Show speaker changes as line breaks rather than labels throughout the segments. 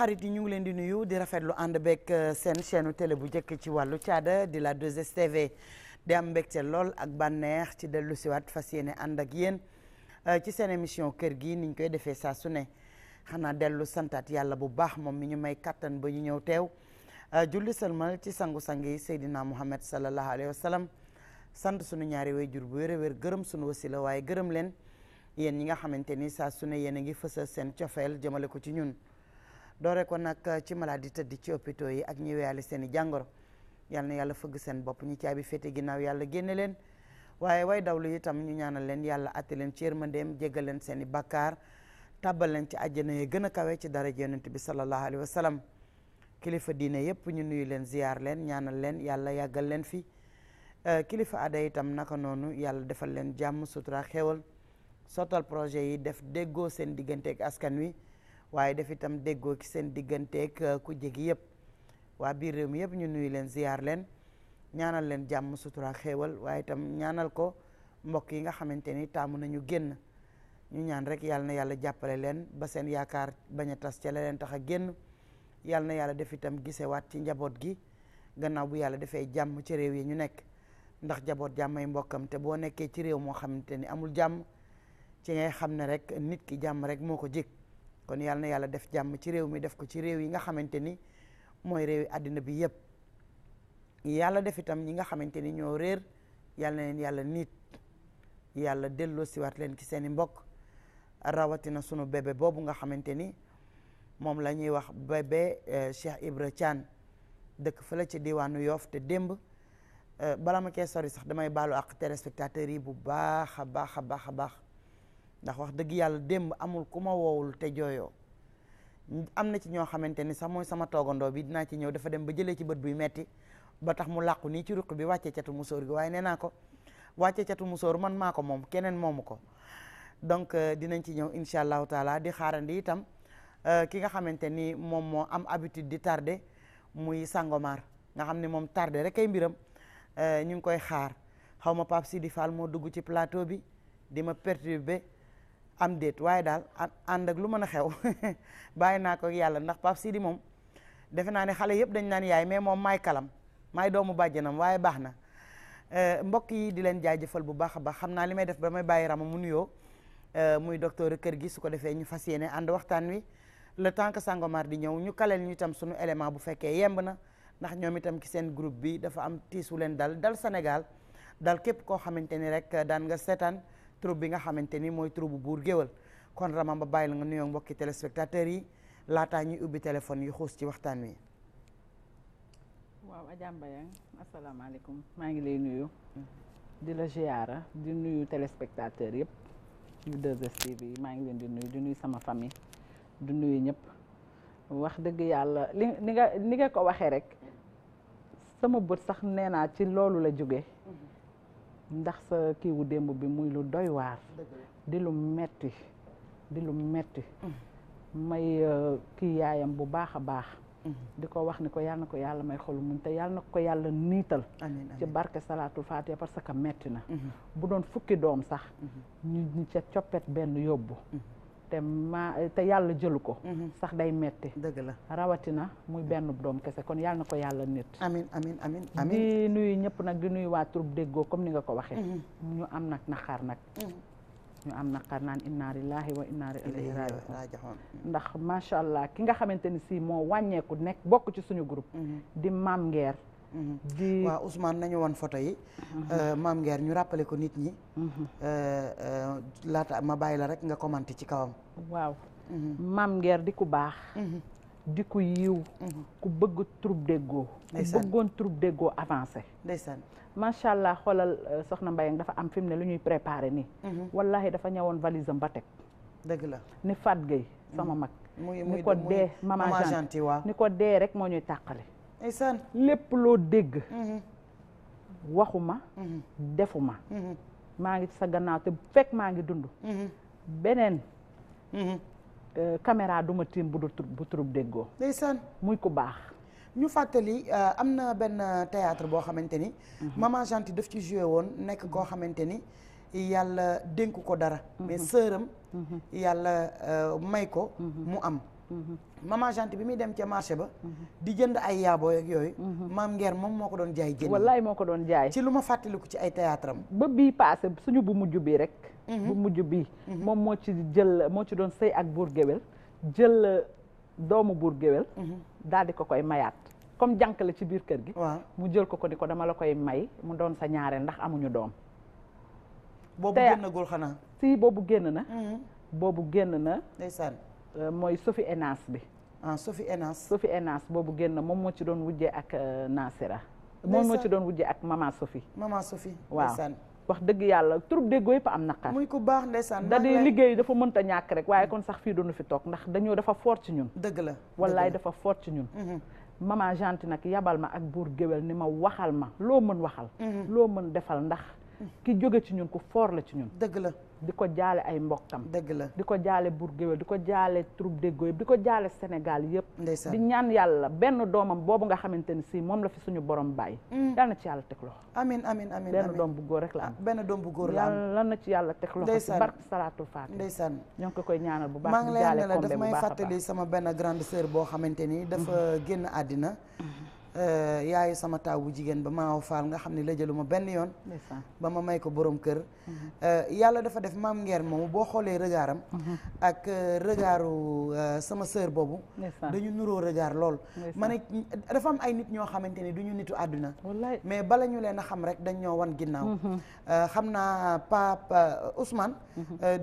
xarit yi ñu ngi leen di nuyu di rafetlu ànd beeg euh, seen chaîne télé bu njëkk ci wàllu caada di la 2STV di am mbégte lool ak bànneex ci dellu siwaat fas yéene ànd ak yéen euh, ci seen émission kër gi niñ koy defee saa su ne xanaa dellu santaat yàlla bu baax moom mi ñu may kattan ba ñu ñëw teew euh, julli salmal ci sangu-sang yi Seydina Muhammad sallallahu alayhi wa sallam sant sunu ñaari waajur bu wér a wér gërëm sunu wasila waaye gërëm leen yéen ñi nga xamante ni saa su yéen a ngi fësal seen cofeel jëmale ko ci ñun doore ko nag eh, ci maladie tëdd ci hôpitaux yi ak ñi weyale seen i jàngoro yal na yàlla fëgg seen bopp ñi caabi féete ginnaaw yàlla génne leen waaye way dawlu itam ñu ñaanal leen yàlla atte leen ci yërmandeem jéggal leen seen i bakkaar tàbbal leen ci àjjana yi gën a kawe ci daraja yonent bi sallallahu alayhi wa sallam kilifa diine yëpp ñu nuyu leen ziyaar leen ñaanal leen yàlla yàggal leen fi eh, kilifa aada itam naka noonu yàlla defal leen jàmm sutura xéwal sottal projet yi def déggoo seen diggante askan wi waaye def itam déggoo ki seen digganteeg euh, ku jegi yëpp waa biir réew mi yëpp ñu nuyu leen ziyaar leen ñaanal leen jàmm sutura ak xéewal waaye itam ñaanal ko mbokk yi nga xamante ni taamu nañu génn ñu ñaan rek yàlla na yàlla jàppale leen ba seen yaakaar bañ a tas ca la leen tax a génn yàlla na yàlla def itam gise waat ci njaboot gi gannaaw bu yàlla defee jàmm ci réew yi ñu nekk ndax jaboot jàmmay mbokkam te boo nekkee ci réew moo xamante ni amul jàmm ci ngay xam ne rek nit ki jàmm rek moo ko jig kon yàlla na yàlla def jàmm ci réew mi def ko ci réew yi nga xamante ni mooy réew yi àddina bi yëpp yàlla def itam ñi nga xamante ni ñoo réer yal leen yàlla niit yàlla delloo siwaat leen ci seen i mbokk rawatina sunu bébé boobu nga xamante ni moom la ñuy wax bébé euh, Cheikh Ibra Thian dëkk fa la ci diwaanu Yoff te démb euh, bala ma kee sori sax damay baalu ak téléspectateurs yi bu baax a baax a baax a baax ndax wax dëgg yàlla démb amul ku ma wowul te jooyoo am na ci ñoo xamante ni sax mooy sama toogandoo bi dinaa ci ñëw dafa dem ba jëlee ci bët buy metti ba tax mu làqu nii ci ruq bi wàcce catu musóor gi waaye nee naa ko wàcce catu musóor man maa ko moom keneen moomu ko donc euh, dinañ ci ñëw incha allahu taala di xaarandi itam euh, ki nga xamante ni moom moo am habitude di tardé muy sangomar nga xam ni moom tardé rekk ay mbiram euh, ñu ngi koy xaar xaw ma Pape Sidi Fall moo dugg ci plateau bi di ma perturbé am déet waaye daal ànd ak lu mën a xew bàyyi naa ko yàlla ndax Pape Sidi moom defe naa ne xale yëpp dañ naan yaay mais moom may kalam maay doomu bàjjanam waaye baax na euh, mbokk yi di leen jaajëfal bu baax a baax xam naa li may def ba may bàyyi rama mu nuyoo euh, muy docteur kër gi su ko defee ñu fas yéene ànd waxtaan wi le temps que Sangomar di ñëw ñu kaleel ñu itam suñu élément bu fekkee yemb na ndax ñoom itam ci seen groupe bi dafa am tiisu leen dal dal Sénégal dal képp koo xamante ni rek daan nga seetaan trop bi nga xamante ni mooy troupe bu buur géwal kon Rama bàyyi la nga nuyoo mbokki téléspectateurs yi
laataa ñuy ubbi téléphone yu xuus ci waxtaan wi. waaw Adja Mbayang asalaamaaleykum maa ngi lay nuyu. di la ziara di nuyu téléspectateurs yëpp. yu 2 maa ngi leen di nuyu di nuyu sama famille. du nuyu ñëpp wax dëgg yàlla li ni nga ni nga ko waxee rek sama bët sax nee naa ci loolu la jóge ndax sa kiiwu démb bi muy lu doy waar di lu metti di lu metti mm. may euh, kii yaayam bu baax a baax mm. di ko wax ni ko yàlla na ko yàlla may xolu muñ te yàlla na ko yàlla niital ci barke salaatul faatiha parce que metti na mm-hmm. bu doon fukki doom sax
mm-hmm.
ñu ñu ca coppet benn yóbbu mm-hmm. te te yàlla jëlu ko. Mm-hmm. sax day metti dëgg la rawatina muy benn doom kese kon yàlla na ko yàlla nit. amin amin amin amin di nuyu ñëpp nag di nuyu waa déggoo comme ni nga ko waxee. Mm-hmm. ñu am nag naxaar nag.
Mm-hmm.
ñu am naqar naan inna lillahi wa inna ilayhi raji'un ndax macha allah ki nga xamante ni si moo wàññeeku nekk bokk ci suñu group di maam ngeer. Mm-hmm. di waaw Ousmane nañu woon photo yi mm-hmm. euh, maam Nguer ñu rappelé ko nit ñi mm-hmm. euh,
euh, laata ma bàyyi la rek nga commenté ci kawam
waaw maam Nguer di ku baax di ku yiw ku bëgg troupe déggoo ku bëggoon troupe déggoo avancé ndeysaan macha allah xoolal soxna Mbayang dafa am fi mu ne lu ñuy préparé nii wallahi dafa ñëwoon valise am ba teg dëgg la ni Fat Gueye sama mag ni ko dee maman Janti waaw ni ko dee rek moo ñuy tàqale ndeysaan lépp loo dégg mm-hmm. waxuma mm-hmm. defuma mm-hmm. maa ngi sa gannaaw te fekk maa ngi dund beneen euh, caméra duma tiim bu dul bu turub déggoo ndeysaan muy ku baax ñu fàttali euh, am na benn euh, théâtre
boo xamante ni maman Gentille daf ci joué woon nekk koo xamante ni yàlla dénk ko dara mais sëram yàlla may ko mu am maman jante bi muy dem ca marché ba di jënd ay yaabooy ak yooyu maam ngeer moom moo ko doon jaay
jën wallaay moo ko doon jaay ci lu ma fàttaliku ci ay théâtre am ba bii passé suñu bu mujj bii rek mhm. bu mujj bii mhm. moom moo ci jël moo ci doon sëy ak buur géwél jël doomu buur géwél mhm. daal di ko koy mayaat comme jànk la ci biir kër gi waaw mu jël ko ko ni ko dama la koy may mu doon sa ñaareel ndax amuñu doom boobu génn gul xanaa si boobu génn na boobu génn na ndeysaan Euh, mooy Sophie Enas bi. ah Sophie Enas. Sophie Enas boobu génn moom moo ci doon wujjee ak euh, Nasira. moom moo ci doon wujjee ak Mama Sophie.
Mama Sophie waaw.
wax dëgg yàlla troupe déggoo yëpp am naqar muy ku baax ndeysaan da di liggéey dafa mënta ñàkk rek waaye kon sax fii doonu fi toog ndax dañoo dafa fort ci ñun dëgg la wallaay dafa fort ci ñun mm-hmm. maman genti nag yabal ma ak buur géwél ni ma waxal ma loo mën waxal mm-hmm. loo mën defal ndax ki jóge ci ñun ku foor la ci ñun dëgg la di ko jaale ay mbokkam dëgg la di ko jaale Bourguéwel di ko jaale troupe déggoo yëpp di ko jaale Sénégal yëpp di ñaan yàlla benn doomam boobu nga xamante ni si moom la fi suñu borom bàyyi mm. yal na ci yàlla teg loxo
amin amin amin benn
doom bu góor rek la am ah, benn doom bu góor la am yal na ci yàlla teg loxo ci barke salaatul faatiha ndeysaan ñoo ngi ko koy ñaanal bu baax maa ngi lay ne la daf may sama benn
grande sœur boo xamante ni dafa mm-hmm. génn àddina mm-hmm. Euh, yaayu sama taaw bu jigéen ba maaw faal nga xam ne la jëluma benn yoon ba ma may ko boroom kër mhm. euh, yàlla dafa def maam ngeer moom boo xoolee regardam mhm. ak euh, regardu sama sœur boobu dañu nuroo regard lool ma ne dafa am ay nit ñoo xamante ni duñu nitu àdduna mais bala ñu leen a xam rek dañ ñoo wan ginnaaw mhm. xam naa Pape Ousmane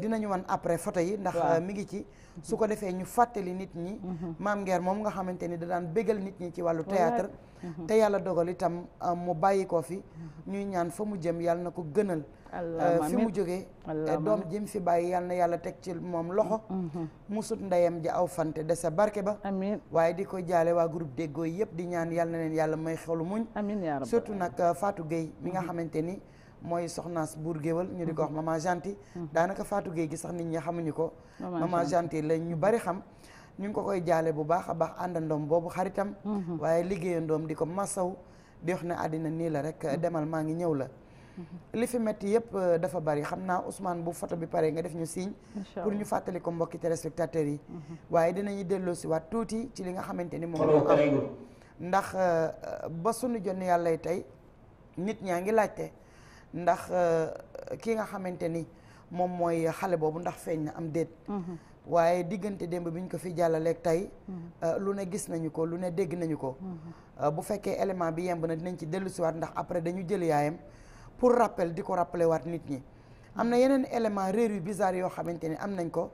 dinañu wan après photo yi ndax mi ngi ci su ko defee ñu fàttali nit ñi mhm. maam Ngeer moom nga xamante ni da daan bégal nit ñi ci wàllu théâtre mhm. te yàlla dogal itam euh, mu bàyyi koo fi mhm. ñuy ñaan fa mu jëm yàlla na ko gënal euh, fi mu jógee euh, doom jëm fi bàyyi yàlla na yàlla teg ci moom loxo musut ndeyam ja aw fante de sa barke ba amiin waaye di ko jaale waa groupe déggooy yëpp di ñaan yàlla na leen yàlla may xolu muñ amiin surtout nag faatu Gueye mi nga xamante ni mooy soxnaas buur géwal ñu di ko wax mhm. maman Gentil mhm. daanaka Fatou Gueye gi sax nit ñi xamuñu ko maman Gentil lañ ñu bari xam ñu ngi ko koy jaale bu baax a baax àndandoom boobu xaritam mhm. waaye liggéeyandoom di ko masaw di wax ne àddina nii la rek demal maa ngi ñëw la li fi metti yëpp euh, dafa bari xam naa Ousmane bu photo bi pare nga def ñu signe pour ñu fàttali ko mbokki téléspectateurs yi waaye dinañu delloo si waat tuuti ci li nga xamante ni moom moo am ndax euh, euh, ba sunu tey nit ñaa ngi laajte ndax euh, ki nga xamante ni moom mooy xale boobu ndax feeñ na am déet mm-hmm. waaye diggante démb bi ñu ko fi jàllaleeg tey mm-hmm. euh, lu ne gis nañu ko lu ne dégg nañu ko mm-hmm. euh, bu fekkee élément bi yemb na dinañ ci dellusiwaat ndax après dañu jël yaayam pour rappel di ko rappelé waat nit ñi am na yeneen élément réer yu bizarre yoo xamante ni am nañ ko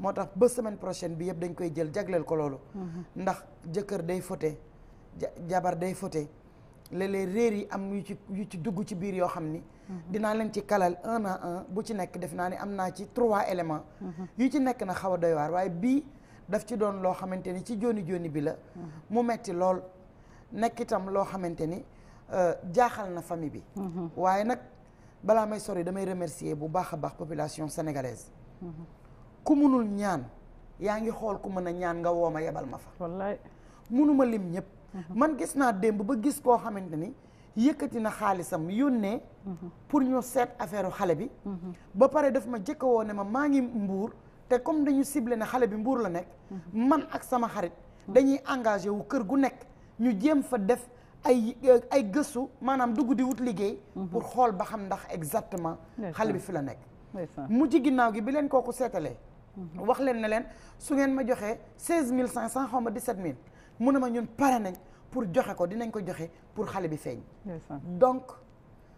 moo tax ba semaine prochaine bi yëpp dañ koy jël jagleel ko loolu ndax jëkkër day fote jabar day fote léeg réer yi am yu ci yu ci dugg ci biir yoo xam ni mhm. dinaa leen ci kalal un à un bu ci nekk def naa ni am naa ci trois éléments mhm. yu ci nekk na xaw a doy waaye bii daf ci doon loo xamante ni ci joni joni bi la mhm. mu metti lool nekk itam loo xamante ni euh, jaaxal na famille bi waaye nag balaa may sori damay remercier bu baax a baax population sénégalaise ku munul ñaan yaa ngi xool ku mën a ñaan nga woo ma yebal ma fa wallaay munuma lim ñëpp Uh-huh. man gis naa démb ba gis koo xamante ni yëkkati na xaalisam yónnee. Uh-huh. pour ñu seet affaire xale bi. Uh-huh. ba pare daf ma jëkkawoo ne ma maa ngi mbuur te comme dañu ciblé ne xale bi mbuur la nekk. man ak sama xarit dañuy engagé wu kër gu nekk ñu jéem fa def. ay ay gëstu maanaam dugg di wut liggéey pour xool ba xam ndax exactement xale bi fi la nekk mu ci ginnaaw gi bi leen kooku seetalee wax leen ne leen su ngeen ma joxee seize mille cinq cent xaw ma dix-sept mille mu ne ma ñun pare nañ pour joxe ko dinañ ko joxe pour xale bi feeñ. donc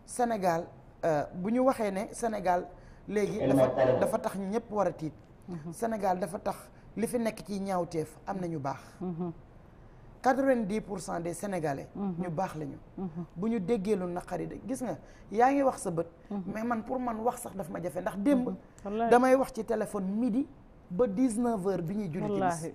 Sénégal euh, bu ñu waxee ne Sénégal léegi. dafa dafa tax ñëpp war a tiit. Mhm. Sénégal dafa tax li fi nekk ci ñaawteef am na ñu baax. Mhm. de pour cent des sénégalais. Mhm. ñu baax lañu. bu ñu déggee lu naqari de gis nga yaa ngi wax sa bët. mais man pour man wax sax dafa ma jafe ndax démb. damay wax ci téléphone midi ba 19 heures bi ñuy julli timis.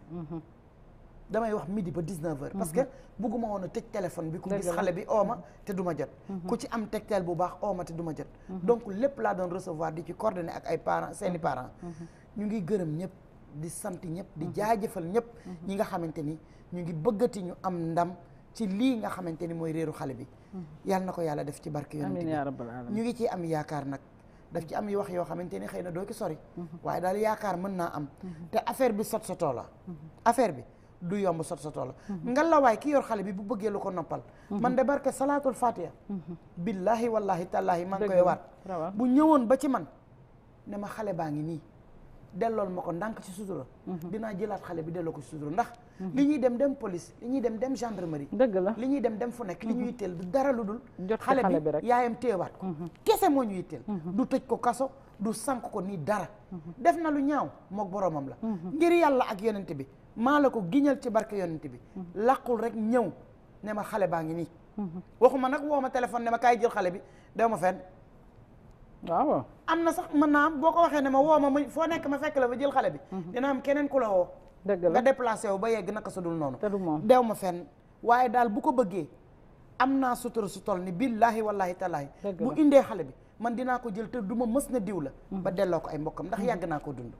damay wax midi ba 19h. parce que mhm. bëgguma woon a tëj téléphone bi. ku gis xale bi ooma oh te du ma jot. Mhm. ku ci am tegteel bu baax ooma oh te du ma jot. Mhm. donc lépp laa doon recevoir di ci coordonné ak ay parents seeni parents. ñu ngi gërëm ñëpp di sant ñëpp di jaajëfal ñëpp. ñi nga xamante ni ñu ngi bëggati ñu am ndam ci lii nga xamante ni mooy réeru xale bi. yàlla na ko yàlla def ci barke yonent bi ñu ngi ciy am yaakaar nag. daf ci am yu wax yoo xamante ni xëy na doo ci sori. waaye daal yaakaar mën naa am. affaire bi sot sotoo la. affaire bi. du yomb sot sotoo la ngalawaay ki yor xale bi bu bëggee lu ko noppal man de barke salaatul fatiha billaahi wallaahi tallaahi man koy waat bu ñëwoon ba ci man ne ma xale baa ngi nii dellool ma ko ndànk ci sutura mhm. dinaa jëlaat xale bi delloo ko ci sutura ndax mhm. li ñuy dem dem police li ñuy dem dem gendarmerie dëgg la li ñuy dem dem fu nekk li ñuy mhm. yitteel du dara lu dul xale bi yaayam téewaat ko kese moo ñu yitteel du tëj ko kaso du sànk ko nii dara def na lu ñaaw mook boroomam la ngir yàlla ak yonente bi maa la ko giñal ci barke yonent bi mhm. laqul rek ñëw ne ma xale baa ngi nii mhm. waxuma nag woo ma téléphone ne ma kaay jël xale bi dew ma fenn waaw am na sax mën naa am boo ko waxee ne ma woo ma ma foo nekk ma fekk la fa jël xale bi mhm. dina am keneen ku la woo dëgg la nga déplacé wu ba yegg naka su dul noonu deew ma fenn waaye daal bu ko bëggee am naa sutura su tol ni billaahi wallaahi tallaahi bu indee xale bi man dinaa ko jël te du ma mës na diw la ba delloo ko ay mbokkam ndax yàgg naa ko dund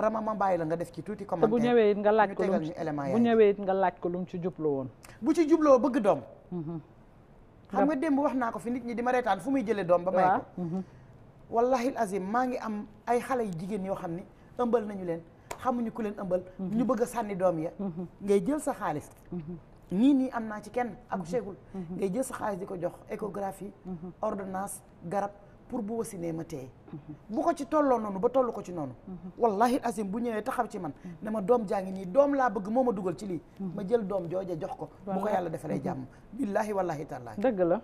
rama ma bàyyi la nga def ci tuuti commentaire bu ñëwee nga laaj ko lu bu
ñëwee it nga laaj ko lu mu ci jublu woon
bu ci jubloo bëgg doom mhm. xam nga démb wax naa ko fi nit ñi di ma reetaan fu muy jëlee doom ba may ko mhm. wallahi azim maa ngi am ay xale yu jigéen yoo xam ni ëmbal nañu leen xamuñu ku leen ëmbal mhm. ñu bëgg sànni doom ya ngay jël sa xaalis nii nii am naa ci kenn ak gul ngay jël sa xaalis di ko jox échographie ordonnance garab pour bu wasinee ma téye bu ko ci tolloo noonu ba toll ko ci noonu wallahi asim bu ñëwee taxaw ci man ne ma doom jaa ngi doom laa bëgg moo ma dugal
ci lii ma jël doom jooja jox ko bu ko yàlla defalee jàmm billaahi wallahi taalaa dëgg la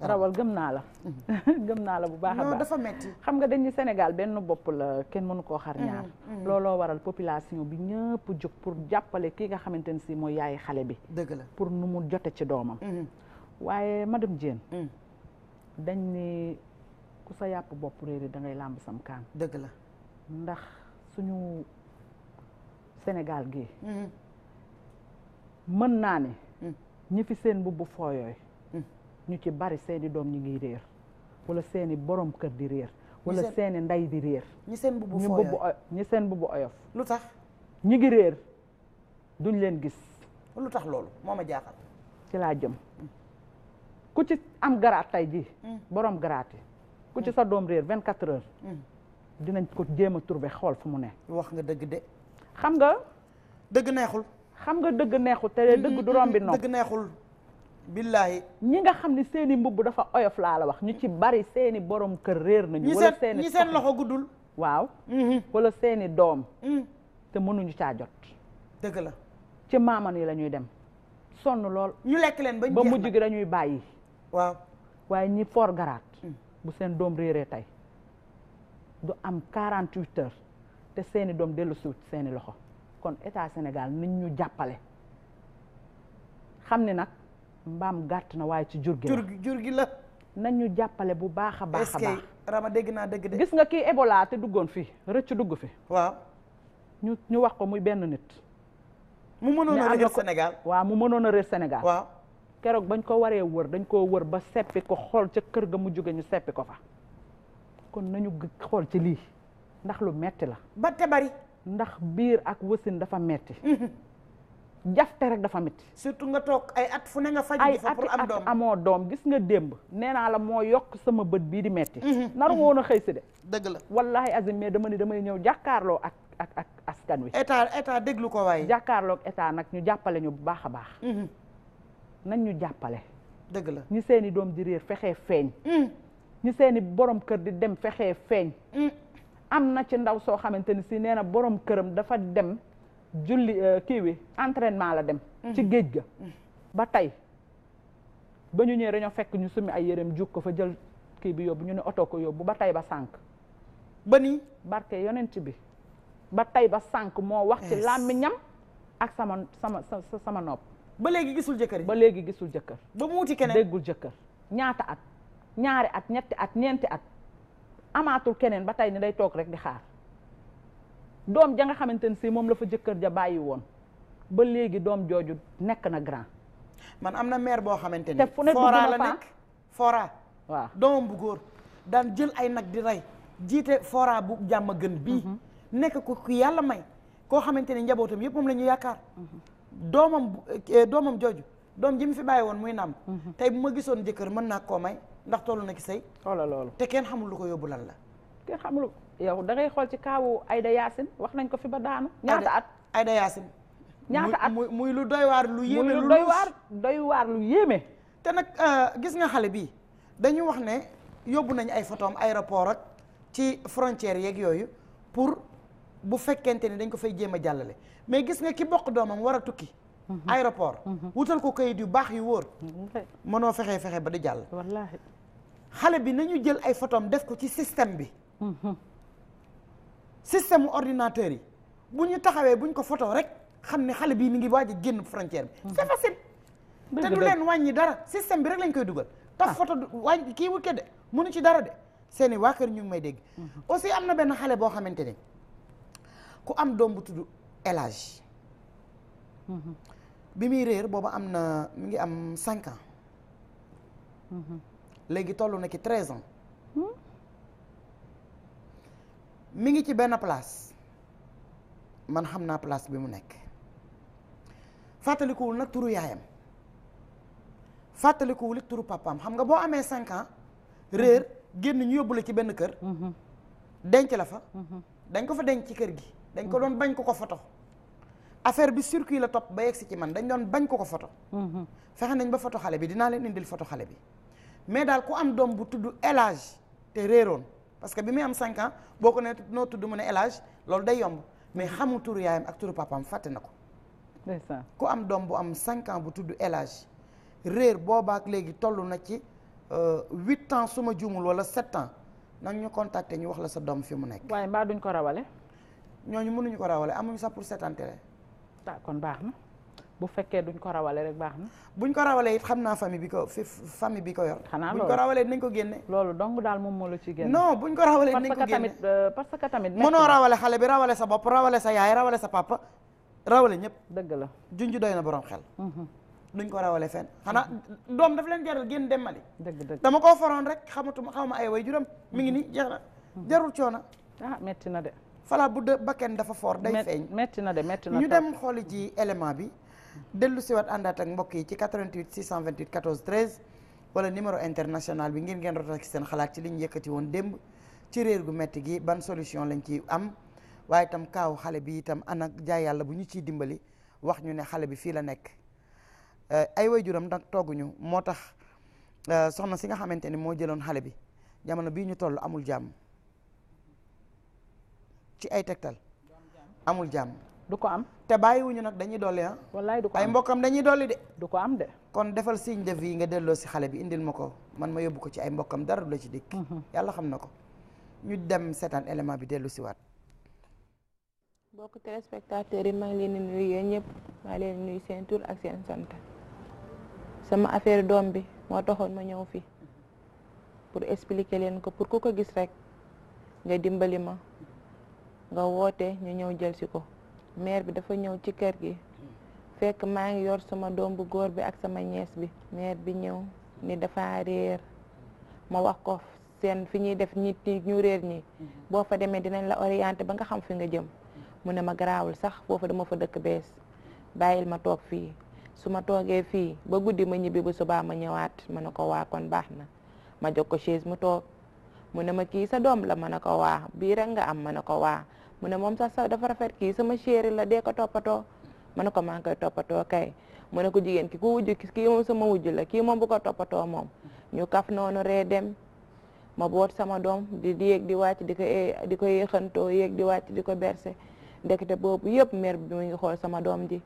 rawal gëm naa la mm-hmm. gëm naa la bu baax a baax dafa metti xam nga dañ dañu Sénégal benn bopp la kenn mënu koo xar ñaar mm-hmm. looloo waral population bi ñëpp jóg pour jàppale kii nga xamante ne si mooy yaay xale bi dëgg la pour nu mu jote ci doomam mm-hmm. waaye ku sa yàpp bopp réere da ngay làmb sam kaan dëgg la ndax suñu Sénégal gi mm-hmm. mën naa ne mm. ñi fi seen mbubbu fooyooy mm. ñu ci bari seeni doom ñi ngi réer wala seeni boroom kër di réer wala seeni ndey di réer ñi seen mbubb fooyooy ñi seen mbubb oyof lu tax ñi ngi réer duñ leen gis lu tax loolu moo ma jaaxal ci laa jëm mm. ku ci am garaat tey ji borom ku ci sa doom réer 24 heures. Mm. dinañ ko jéem a trouver xool fu mu ne. wax nga dëgg de. xam nga. dëgg neexul. xam nga dëgg neexul te dëgg du rombi noonu dëgg neexul. billahi ñi nga xam ni seeni mbubb dafa oyof laa la wax ñu ci bari seeni borom kër réer nañu. wala seeni ñi seen loxo guddul. waaw. Mm-hmm. wala seeni doom. Mm. te mënuñu caa jot. dëgg la. ci maaman yi la ñuy dem. sonn lool. ñu
lekk leen ba mujj
gi dañuy bàyyi. waaw waaye ñi for garaat. bu seen doom réeree tey du am 48 heures te seeni doom dellu suut seeni loxo kon état senegal nañ ñu jàppale xam ne nag mbaam gàtt na waaye ci jur gi jur gi la nañ ñu jàppale bu baax a baax a baax rama dégg naa dégg de gis nga kii Ebola te duggoon fii rëcc dugg fi waaw ñu ñu wax ko muy benn nit mu mënoon a réer Sénégal waaw mu mënoon a réer Sénégal keroog bañ ko waree wër dañ koo wër ba seppi ko xool ca kër ga mu jóge ñu seppi ko fa kon nañu xool ci lii ndax lu metti la ba te bari ndax biir ak wasin dafa metti mhm. jafte rek dafa metti surtout nga toog ay at fu ne nga faju fa pour am doom amoo doom gis nga démb nee naa la moo yokk sama bët bii di metti mhm. nar woon a xëy si de dëgg la wallahi azim mais dama ni damay ñëw jàkkaarloo ak ak ak askan wi état état déglu ko waaye jàkkaarloo ak état nag ñu jàppale ñu bu baax a baax mhm. nañ ñu jàppale. dëgg la ñu seen doom di réer fexee feeñ. Mm. ñu seeni i borom kër di dem fexee feeñ. Mm. am na ci ndaw soo xamante ni si nee na borom këram dafa dem julli euh, kii wi entraînement la dem. Mm. ci géej ga. ba tey ba ñu ñëwee dañoo fekk ñu sumi ay yéreem jug ko fa jël kii bi yóbbu ñu ne otoo ko yóbbu ba tey ba sànk. ba nii barke yonent bi ba tey ba sànk moo wax ci ñam ak sama sama sama nopp. ba léegi gisul jëkkër ba léegi gisul jëkkër ba mu wuti keneen déggul jëkkër ñaata at ñaari at ñetti at ñeenti at amaatul keneen ba tey ni day toog rek di xaar doom ja nga xamante ne si moom la fa jëkkër ja bàyyi woon ba léegi doom jooju nekk na grand man am na mère boo xamante ni te fu ne foora la nekk
foraa waaw doomam bu góor daan jël ay nag di rey jiite foora bu jàmm gën bii mhm. nekk ko ku yàlla may koo xamante ni njabootam yëpp moom la ñu yaakaar mhm. doomam eh, doomam jooju doom ji mu fi bàyyi woon muy nàmp mhm. tey bu ma gisoon jëkkër mën naa koo may ndax tollu na ki sëy xoola loolu te kenn xamul lu ko yóbbu lan la
kenn xamul yow dangay xool ci kaawu Aida Yacine wax nañ ko fi ba daanu ñaata
at Aida Yacine ñaata at muy muy lu doy lu yéeme lu doy waar doy waar lu yéeme te nag eh, gis nga xale bi dañu wax ne yóbbu nañ ay photom aéroport ak ci frontière yeeg yooyu bu fekkente ne dañ ko fay jéem a jàllale mais gis nga ki bokk doomam war a tukki. Mhm. aéroport. Mhm. wutal ko kayit yu baax yu wóor. mënoo fexe fexe ba di jàll. wallaahi xale bi nañu jël ay am def ko ci système bi. Mhm. système ordinateur yi bu ñu taxawee bu ñu ko photo rek xam ne xale bii mu ngi waaj a génn frontière bi. c'est facile. te du leen wàññi dara système bi rek lañ koy dugal. taf ah. photo wàññi kii wut de mënu ci dara de seen i kër ñu ngi may dégg. aussi am na benn xale boo xamante ne. ku am doom bu tudd Elage mhm. bi muy réer booba am na mu ngi am cinq mhm. léegi tollu na ci treize ans hmm? mi ngi ci benn place man xam naa place bi mu nekk fàttalikuwul nag turu yaayam fàttalikuwul it turu papaam xam nga boo amee cinq réer mhm. génn ñu yóbbu la ci benn kër denc la fa dañ ko fa denc ci kër gi dañ ko doon bañ ko ko foto affaire bi circuit la topp ba yegsi ci man dañ doon bañ ko ko photo mm-hmm. fexe nañ ba foto xale bi dinaa leen indil photo xale bi mais daal ku am doom bu tudd élage te réeroon parce que bi muy am cinq boo ko ne noo tudd mu ne élage loolu day yomb mais mm-hmm. xamu turu yaayam ak turu fàtte na ko ku am doom bu am cinq bu tudd élage réer boobaak léegi toll na ci euh, huit ans suma ma juumul wala sept ans nag ñu contacté ñu wax la sa doom fi mu nekk waaye mbaa ko rawale ñooñu mënuñu ko rawale amuñu sa pour seetaan télé. ah kon baax na
bu fekkee duñ ko rawale rek baax na. buñ ko rawalee it xam naa famille bi ko fi famille bi ko yor. xanaa loolu buñ ko rawalee dinañ ko génne. loolu dong daal moom moo la ci génne. non buñ ko rawalee dinañ ko génne parce que tamit euh, mënoo rawale
xale bi rawale sa bopp rawale sa yaay rawale sa papa rawale ñëpp. dëgg la junj doy na boroom xel. Mhm. duñ ko rawale fenn xanaa doom daf leen jaral génn dem Mali. dama koo foroon rek xamatuma xaw ma ay way juram mi ngi nii jeex na mhm. jarul coono. ah metti na de. falaat bu ba kenn dafa foor day feeñ.
metti na de metti na ñu dem
xooli ji élément bi dellu si waat àndaat ak mbokk yi ci 88 628 14 wala numéro international bi ngir ngeen rota ci seen xalaat ci li ñu yëkkati woon démb ci réer gu metti gi ban solution lañ ci am waaye itam kaaw xale bi itam anak jaay yàlla bu ñu ciy dimbali wax ñu ne xale bi fii la nekk euh, ay waajuram nag tooguñu moo tax euh, soxna si nga xamante ni moo jëloon xale bi jamono bii ñu toll amul jàmm. ci ay tegtal amul jàmm du ko am te wuñu nag dañuy dolli ah du ko ay mbokkam dañuy dolli de du ko am de kon defal signe def vie nga delloo si xale bi indil ma ko man ma yóbbu ko ci ay mbokkam dara du la ci dikk mhm. yàlla xam na ko ñu dem seetaan élément bi dellu si ko
mbokk téléspectateurs yi ma ngi leen di nuyu yéen ñëpp ma leen di nuyu seen ak seen sant sama affaire doom bi moo taxoon ma ñëw fii pour expliquer leen ko pour ku ko gis rek nga dimbali ma nga woote ñu ñëw jël si ko maire bi dafa ñëw ci kër gi fekk maa ngi yor sama doom bu góor bi ak sama ñees bi maire bi ñëw ni dafa réer ma wax ko seen fi ñuy def nit ñi ñu réer ñi boo fa demee dinañ la orienté ba nga xam fi nga jëm mu ne ma garaawul sax foofu dama fa dëkk bees bàyyil ma toog fii su ma toogee fii ba guddi ma ñibbi bu subaa ma ñëwaat ma ne ko waa kon baax na ma jox ko chaise mu toog mu ne ma kii sa doom la ma ne ko waa bii rek nga am ma ne ko waa mu ne moom sax sax dafa rafet kii sama chéri la dee ko toppatoo ma ne ko maa ngi toppatoo kay mu ne ko jigéen ki ku wujj kii moom sama wujj la kii moom bu ko toppatoo moom ñu kaf noonu ree dem ma boot sama doom di di yéeg di wàcc di ko di ko yéexantoo yéeg di wàcc di ko berse ndekete boobu yëpp meer bi mu ngi xool sama doom ji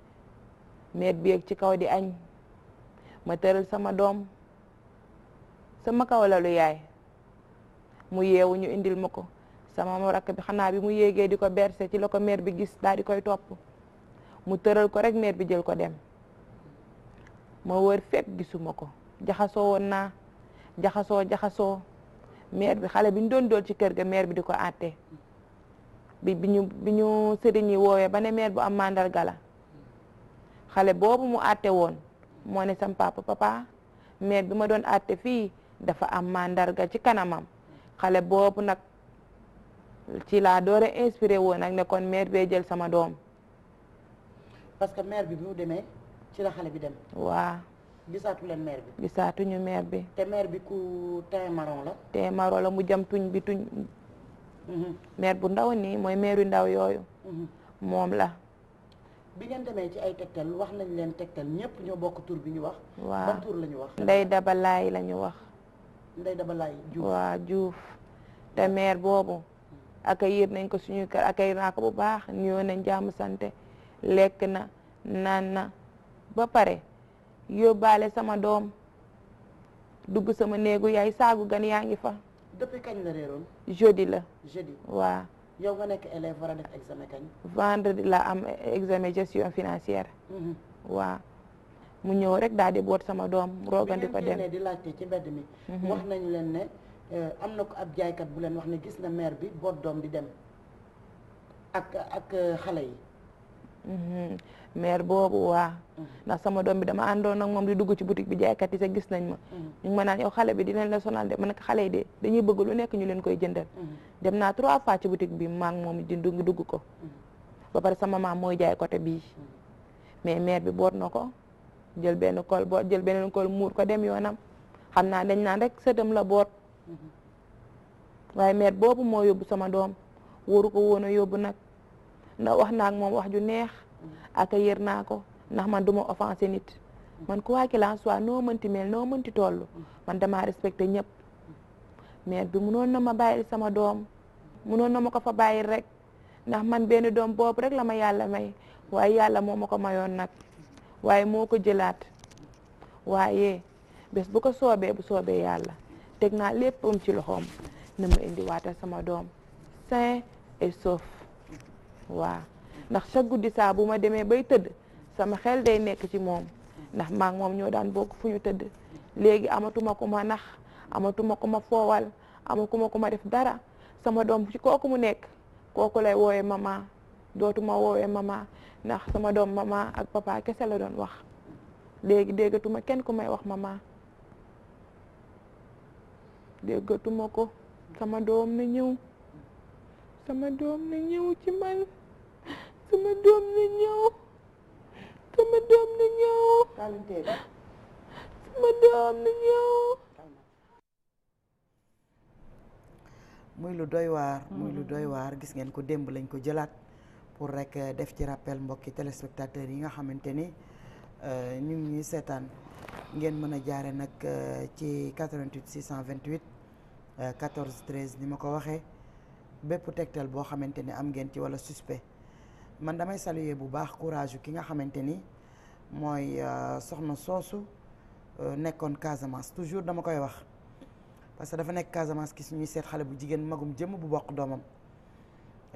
mère bi yéeg ci kaw di añ ma tëral sama doom sama kaw lalu yaay mu yeewu ñu indil ma ko sama rakk bi xanaa bi mu yéegee di ko berse ci la ko mère bi gis daal di koy topp mu tëral ko rek mère bi jël ko dem ma wër fépp gisuma ko jaxasoo woon naa jaxasoo jaxasoo mère bi xale bi ñu doon dool ci kër gi mère bi di ko àtte bi bi ñu bi ñu sëriñ woowee ba ne mère bu am mandarga la xale boobu mu àtte woon moo ne sam papa papa mère bi ma doon àtte fii dafa am mandarga ci kanamam xale boobu nag ci laa doore inspiré woon nag ne kon mair bee jël sama doom.
parce que mère bi bu demee ci la xale bi dem. waa gisaatu leen mair bi.
gisaatuñu mère bi.
te mère bi ku teint marron la.
teint mu jam tuñ bi
mm-hmm.
bu ndaw nii mooy mair yu ndaw yooyu. Mm-hmm. moom la.
bi ngeen demee ci ay tegtal wax nañ leen tegtal ñëpp ñoo bokk tur bi ñu wax.
waa ban tur la ñu wax. nday Dabalaay la ñu wax. Ndey Dabalaay Diouf waaw Diouf te mère boobu. accueillir nañ ko suñu kër accueillir naa ko bu baax nuyoo nañ jàmm sante lekk na naan na ba pare yóbbaale sama doom dugg sama néegu yaay saagu gan yaa ngi fa.
depuis kañ la réeroon.
la. jeudi waaw. yow nga nekk la am examen gestion financière. Mhm. waaw mu ñëw rek daal di boot sama doom. roogandi ko dem bi ngeen
di laajte ci mbedd mi. Mhm. am na ko ab jaaykat bu leen wax ne gis na maire bi boot doom di dem ak ak euh, xale yi
mhm. maire boobu waa mhm. ndax sama doom bi dama àndoon ak moom di dugg ci boutique bi jaaykat yi sax gis nañ ma mhm. ñu ngi ma naan yow xale bi dinañ la sonal de ma nekk xale yi de dañuy bëgg lu nekk ñu leen koy jëndal dem naa trois fois ci boutique bi maa ngi moom di dugg dugg ko ba pare sama maam mooy jaay côté bii mais mair bi boot na ko jël benn kol boot jël beneen kool muur ko dem yoonam xam naa dañ naan rek sëtam la boot Mhm. waaye meer boobu moo yóbbu sama doom wóoru ko woon a yóbbu nag ndax wax naa moom wax ju neex mhm. aka yër naa ko ndax man du ma offensé nit mhm. man quoi qu'il en soit noo mënti mel noo mënti toll man dama respecté ñëpp meer bi munoon na ma bàyyi sama doom munoon na ma ko fa bàyyi rek ndax man benn doom boobu rek la ma yàlla may waaye yàlla moo ma ko mayoon nag waaye moo ko jëlaat waaye bés bu ko soobee bu soobee yàlla teg naa léppam ci loxoom na ma indi waatal sama doom sain et sauf waaw ndax chaque guddi saa bu ma demee bay tëdd sama xeel day nekk ci moom ndax maa moom ñoo daan bokk fu ñu tëdd léegi amatuma ko ma nax amatuma ko ma foowal amatuma ko ma def dara sama doom ci kooku mu nekk kooku lay woowe mama dootuma woowee mama ndax sama doom mama ak papa kese la doon wax léegi déggatuma kenn ku may wax mama déggatuma ko sama doom na ñëw sama doom na ñëw ci
muy lu doy waar muy lu mm-hmm. doy waar gis ngeen ko démb lañ ko jëlaat pour rek euh, def ci rappel mbokki téléspectateurs yi nga xamante ni euh, ñu ngi seetaan ngeen mën a jaare nag euh, ci 88 628 14 13 ni ma ko waxee bépp tegtal boo xamante ni am ngeen ci wala suspe man damay saluer bu baax courage ki nga xamante ni mooy euh, soxna soosu euh, nekkoon Casamance toujours dama koy wax parce que dafa nekk Casamance ki suñuy seet xale bu jigéen magum jëmm bu bokk doomam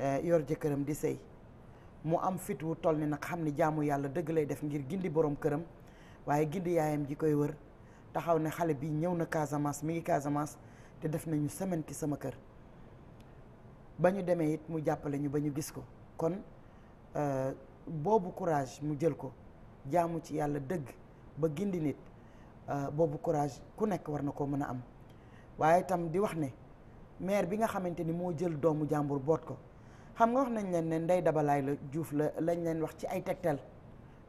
euh, yor jëkkëram di sëy mu am fit wu toll ni nag xam ni jaamu yàlla dëgg lay def ngir gindi borom këram waaye gindi yaayam ji koy wër taxaw ne xale bi ñëw na Casamance mi ngi Casamance te def nañu semaine ki sama kër ba ñu demee it mu jàppale ñu ba ñu gis ko kon euh, boobu courage mu jël ko jaamu ci yàlla dëgg ba gindi nit euh, boobu courage ku nekk war na koo mën a am waaye itam di wax ne maire bi nga xamante ni moo jël doomu jàmbur boot ko xam nga wax nañ leen ne ndey dabalaay la juuf la lañ leen wax ci ay tegtal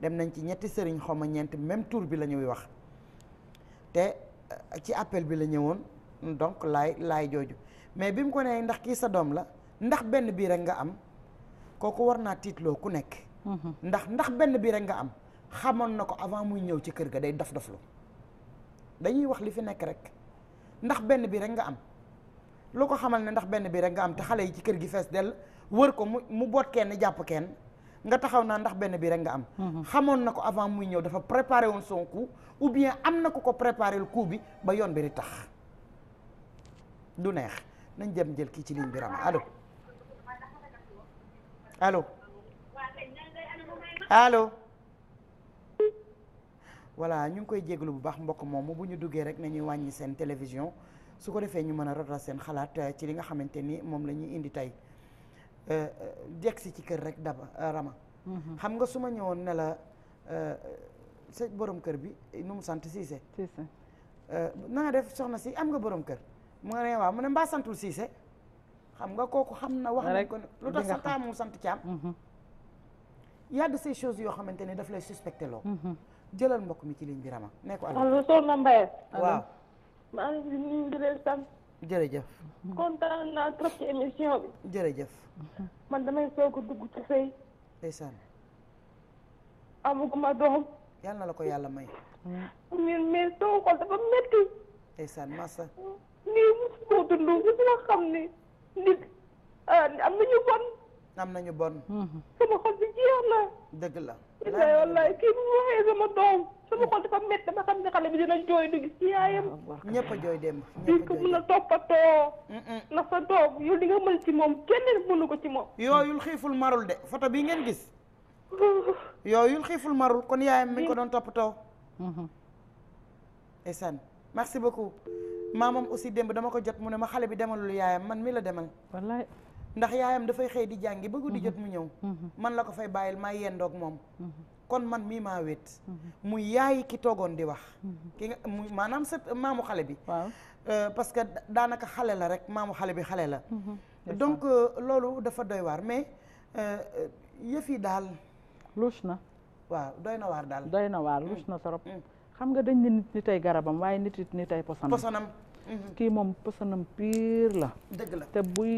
dem nañ ci ñetti sëriñ xaw ma ñeent même tour bi la ñuy wax te euh, ci appel bi la ñëwoon donc laay laay jooju mais bi mu ko nee ndax kii sa doom la ndax benn bii rek nga am kooku war naa tiitloo ku nekk mhm. ndax ndax benn bii rek nga am xamoon na ko avant muy ñëw ci kër ga day dof doflu dañuy wax li fi nekk rek ndax benn bi rek nga am lu ko xamal ne ndax benn bi rek nga am te xale yi ci kër gi fees dell wër ko mu mu boot kenn jàpp kenn nga taxaw naa ndax benn bi rek nga am mhm. xamoon na ko avant muy ñëw dafa préparé woon son coup ou am na ko ko préparé le coup bi ba yoon bi di tax du neex nañ dem jël kii ci ligne bi rama allo allo allo voilà ñu ngi koy jéglu bu baax mbokk moomu bu ñu duggee rek nañuy wàññi seen télévision su ko defee ñu mën a ratal seen xalaat euh, ci li nga xamante ni moom la ñuy indi tey jegg euh, euh, si ci kër rek daba rama mm-hmm. xam nga su ma ñëwoon ne la sa boroom kër bi nu mu sant Cissé na nga def soxna si am nga boroom kër mu waa waaw mu ne mbaa santul Cissé xam nga kooku xam na wax nañ ko lu ta sa taamu sant Thiam mm-hmm. y si chose ces choses yoo xamante ne daf lay suspecté loo mm-hmm. jëlal mbokk mi ci ligne bi rama ne ko allo
soxna Mbaye waaw maa ngi nuyu
di leen sant jërëjëf mm-hmm. kontaan naa trop ci émission bi jërëjëf man damay soog a dugg ci sëy ndeysaan amuguma doom yàlla na la ko yàlla may mais sama xol dafa métti ndeysaan massa
lii mosu koo dund mosuma xam ne nit euh, am nañu bon
am nañu bon mhm.
sama xol bi jeex na dëgg la bilaay wallaay kii bu waxee sama doom sama xol dafa métti dama xam ne xale bi dina jooy du gis yaayam
ah, ñëpp a jooy dem di ko mën a toppatoo ndax sa doom yow li nga mën ci moom kenn mënu ko ci moom yooyul xiiful marul de photo bii ngeen gis yooyul xiiful marul kon yaayam mi ngi ko doon toppatoo mhm. esan merci beaucoup maamam aussi démb dama ko jot mu ne ma xale bi demalul yaayam man mi la demal ndax yaayam dafay xëy di jàngi ba guddi jot mu mm-hmm. ñëw mm-hmm. man la ko fay bàyyil maa yendoog moom mm-hmm. kon man mii maa wéet mu yaay ki toogoon di wax ki nga mu maanaam sa maamu xale bi waaw euh, parce que daanaka xale la rek maamu xale bi xale la donc euh, loolu dafa doy waar
mais euh, yëf yi daal luus na waaw doy na waar daal doy na waar mm. luus na trop mm. xam nga dañ ne nit ni tey garabam waaye nit it ni tey posanam posanam
mm-hmm.
kii moom posanam piir la dëgg la te buy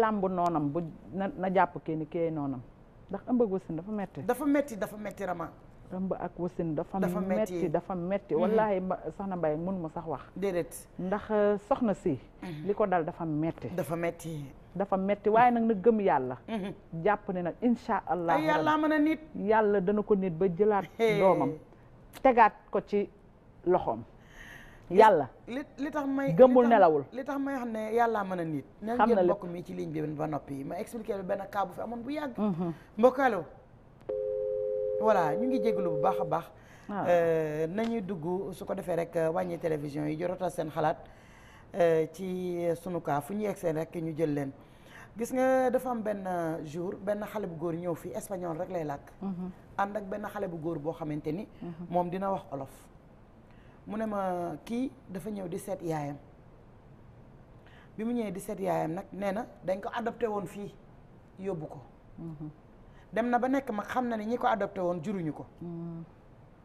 làmb noonam bu na na jàpp kenn ni kii noonam ndax ëmb ak wasin dafa metti
dafa metti dafa metti rama
ëmb ak wasin dafa metti dafa metti mm-hmm. wallaahi soxna Mbaye mun ma sax wax déedéet ndax euh, soxna si mm-hmm. li ko dal dafa metti dafa metti dafa metti waaye nag na gëm yàlla jàpp ne nag incha allah yàlla mën a nit yàlla dana ko nit ba jëlaat doomam tegaat ko ci loxoom yàlla
li li tax may gëmbul nelawul li tax may xam ne yàllaa mën a nit neen ngeen mbokk mi ci ligne bi ba noppi ma expliqué lu benn cas bu fi amoon bu yàgg mhm. mbokkalo voilà ñu ngi jégalu bu baax a baax ah. euh, nañuy dugg su ko defee rek euh, wàññi télévision yi jorotal seen xalaat euh, ci sunu cas fu ñu yegg seen rek ñu jël leen gis nga dafa am benn euh, jour benn xale bu góor ñëw fii espagnol rek lay làkk. Mhm. ànd ak benn xale bu góor boo xamante ni. Mhm. moom dina wax olof. mu ne ma kii dafa ñëw di seet yaayam bi mu ñëwee di seet nag nee na dañ ko adopté woon fii yóbbu ko. Mhm. dem na ba nekk mag xam na ne ñi ko adopté woon juruñu ko.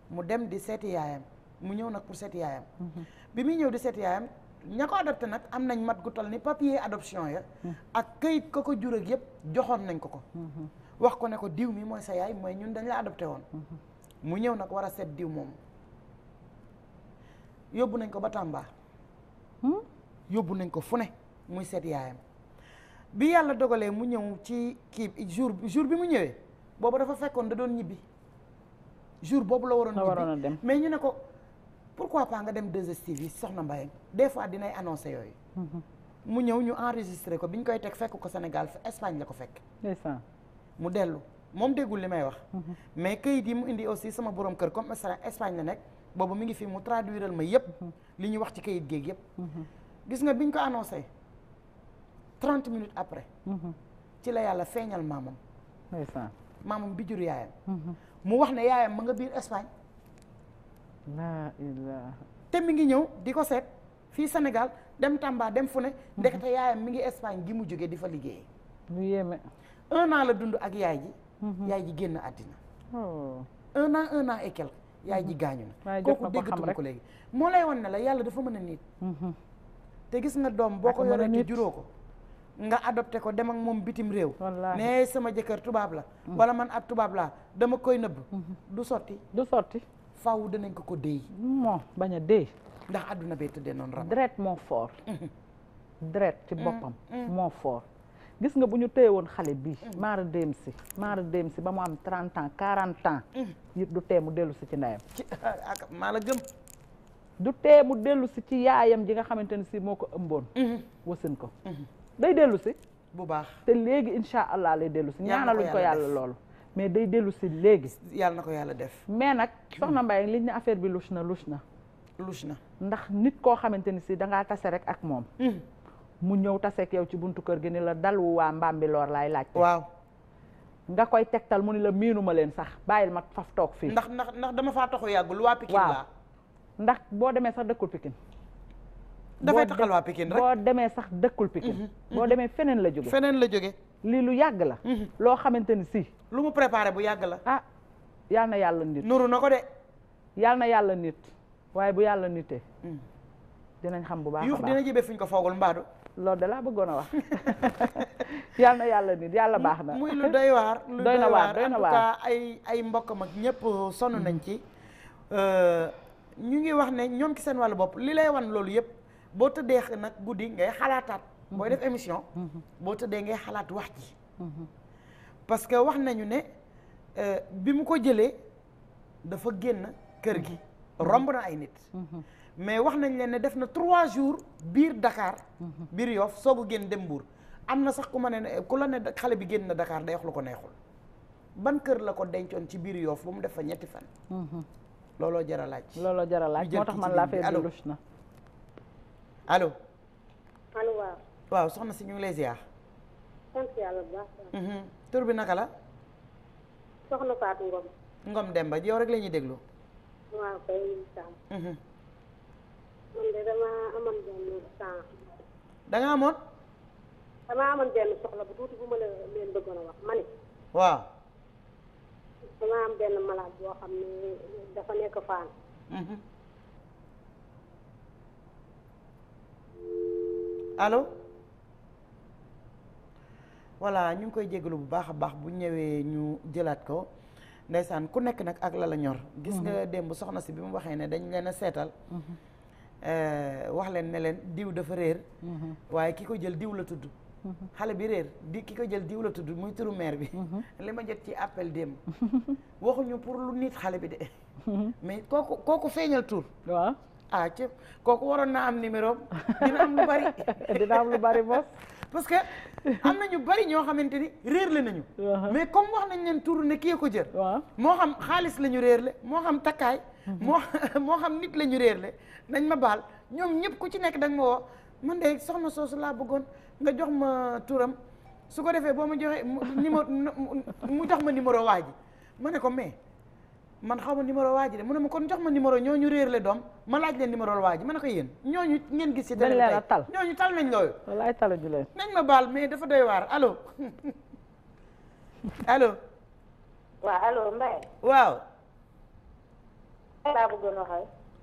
mu dem di seeti yaayam mu ñëw nag pour seeti yaayam. bi muy ñëw di seeti yaayam. ña ko adopté nag am nañ mat gu toll ni papier adoption ya mm-hmm. ak kayit ko ko jur ak yëpp joxoon nañ ko ko mm-hmm. wax ko ne ko diw mi mooy sa yaay mooy ñun dañ la adopté woon mm-hmm. mu ñëw nag war a set diw moom yóbbu nañ ko ba Tamba hmm? yóbbu nañ ko fu ne muy seet yaayam bi yàlla dogalee mu ñëw ci kii jour jour bi mu ñëwee boobu dafa fekkoon da doon ñibbi jour boobu la waroon ñibbi mais ñu ne ko pourquoi pas nga dem 2STV yi soxna Mbayang des fois dinay annoncé yooyu mhm. mu ñëw ñu enregistré ko bi ñu koy teg fekk ko Sénégal Espagne la ko fekk ndeysaan mu dellu moom déggul li may wax mhm. mais kayit yi mu indi aussi sama borom kër comme Espagne la nekk boobu mi ngi fi mu traduiral ma yëpp mhm. li ñu wax ci kayit géeg yëpp gis nga bi ñu ko annoncé trente minutes après ci la yàlla feeñal maamam ndeysaan bi jur yaayam mu wax ne yaayam ma nga biir Espagne te mi ngi ñëw di ko seet fii senegal dem Tamba dem fu ne ndekete yaayam mi ngi Espagne gi mu jóge di fa liggéey lu yéeme un la dund ak yaay ji mhm. yaay ji génn àddina oh. un an un yaay ji mhm. gaañu na kooku déggatuma ko léegi moo lay won ne la yàlla dafa mën a nit mhm. te gis nga doom boo ko yoree te juróo ko nga adopté ko dem ak moom bitim réew ne sama jëkkër tubaab la wala man ab tubaab laa dama koy nëbb du sotti du sotti
faaw danañ ko ko déy. moo bañ a déy. ndax àdduna bee tëddee noonu rab. deret moo fort. deret ci boppam. Mm, mm. moo fort gis nga bu ñu téye woon xale bii. maara mm. dem si maara dem si ba mu am 30 ans 40 ans. yit du tee mu dellu si ci ndeyam.
maa la gëm.
du tee mu dellu si ci yaayam ji nga xamante ne si moo ko ëmboon. Mm-hmm. wasin ko. Mm-hmm. day dellu si. bu baax te léegi incha lay dellu si. ñaanaluñ ko yàlla loolu. mais day dellusi léegi.
yàlla na ko yàlla def.
mais nag soxna Mbaye liñ ne affaire bi louche na louche na. louche na ndax nit koo xamante ni si dangaa tase rek ak moom. Hmm. mu ñëw taseeg yow ci buntu kër gi ni la dalu waa lool laay laaj. waaw. nga koy tegtal mu ni la miinuma leen sax bàyyil ma faf toog fii. ndax
ndax ndax dama faa toxu yàggul waa Pikine laa.
ndax boo demee sax dëkku pikin dafay taxal waa Pikine rek boo demee sax dëkkul Pikine mhm. Mhm. boo demee feneen la jóge feneen la jóge lii lu yàgg la mhm. loo xamante ni sii lu mu préparé bu yàgg la ah yal na yàlla nit nuru na ko de yal na yàlla nit waaye bu yàlla nitee dinañ xam bu baax a baax dina
jëbe fuñ ko foogul mbaadu loolu de laa bëggoon a wax
yal na yàlla nit yàlla baax na muy
lu doy waar lu doy na waar doy na waar ay ay mbokkam ak ñëpp sonn nañ ci euh, ñu ngi wax ne ñoom ki seen wàllu bopp li lay wan loolu yëpp boo tëddee nag guddi ngay xalaataat. booy def mm-hmm. émission. Mm-hmm. boo tëddee ngay xalaat wax ji. Mm-hmm. parce que wax nañu ne euh, bi mu ko jëlee dafa génn kër gi romb na ay nit. mais wax nañ leen ne def na trois jours biir Dakar. biir yoof soog a génn dem Mbuur am na sax ku ma ne ku la ne xale bi génn na Dakar day wax lu ko neexul ban kër la ko dencoon ci biir Yoff ba mu def fa ñetti fan. looloo jar a laaj. looloo jar a laaj moo tax man laa fee na. allo. allo waaw. waaw soxna si ñu ngi lay ziar.
sant yàlla bu baax. Mhm. tur bi naka la. soxna Fatou Ngom.
Ngom Demba yow rek la ñuy déglu. waaw kay mhm.
man de damaa amoon benn temps. da amoon. damaa amoon benn soxla bu tuuti bu ma leen bëggoon ma ne. waaw. damaa am benn malade boo xam ne dafa nekk faan.
Mhm. allo voilà ñu ngi koy jégalu bu baax a baax bu ñëwee ñu jëlaat ko ndeysaan ku nekk nag ak la ñor gis nga mhm. démb soxna si bi mu waxee ne dañ leen a seetal mhm. eh, wax leen ne leen diw dafa réer mhm. waaye ki ko jël diw la tudd xale bi réer di ki ko jël diw la tudd muy turu bi li ma jot ci appel démb waxuñu pour lu nit xale bi de mais kooku kooku feeñal tur waaw ah cëp kooku waroon naa am numéro dina am lu bari dina am bari parce que am na ñu bari ñoo xamante ni réerle nañu uh-huh. mais comme wax nañ leen tur ne kii ko jër uh-huh. moo xam xaalis la ñu réerle moo xam takkaay uh-huh. moo moo xam nit la ñu réerle nañ ma baal ñoom ñëpp ku ci nekk da nga ma woo man de soxna soosu laa bëggoon nga jox ma turam su ko defee boo ma joxee numéro mu jox ma numéro waa ji ma ne ko mais man xaw ma numéro waa ji de mu ne ma kon jox ma numéro ñooñu réer le doom ma laaj leen numéro waa ji ma ne ko yéen ñooñu ngeen gis ci télé tey tal ñooñu tal nañ loolu wallaay taluñu leen baal mais dafa doy waar allo allo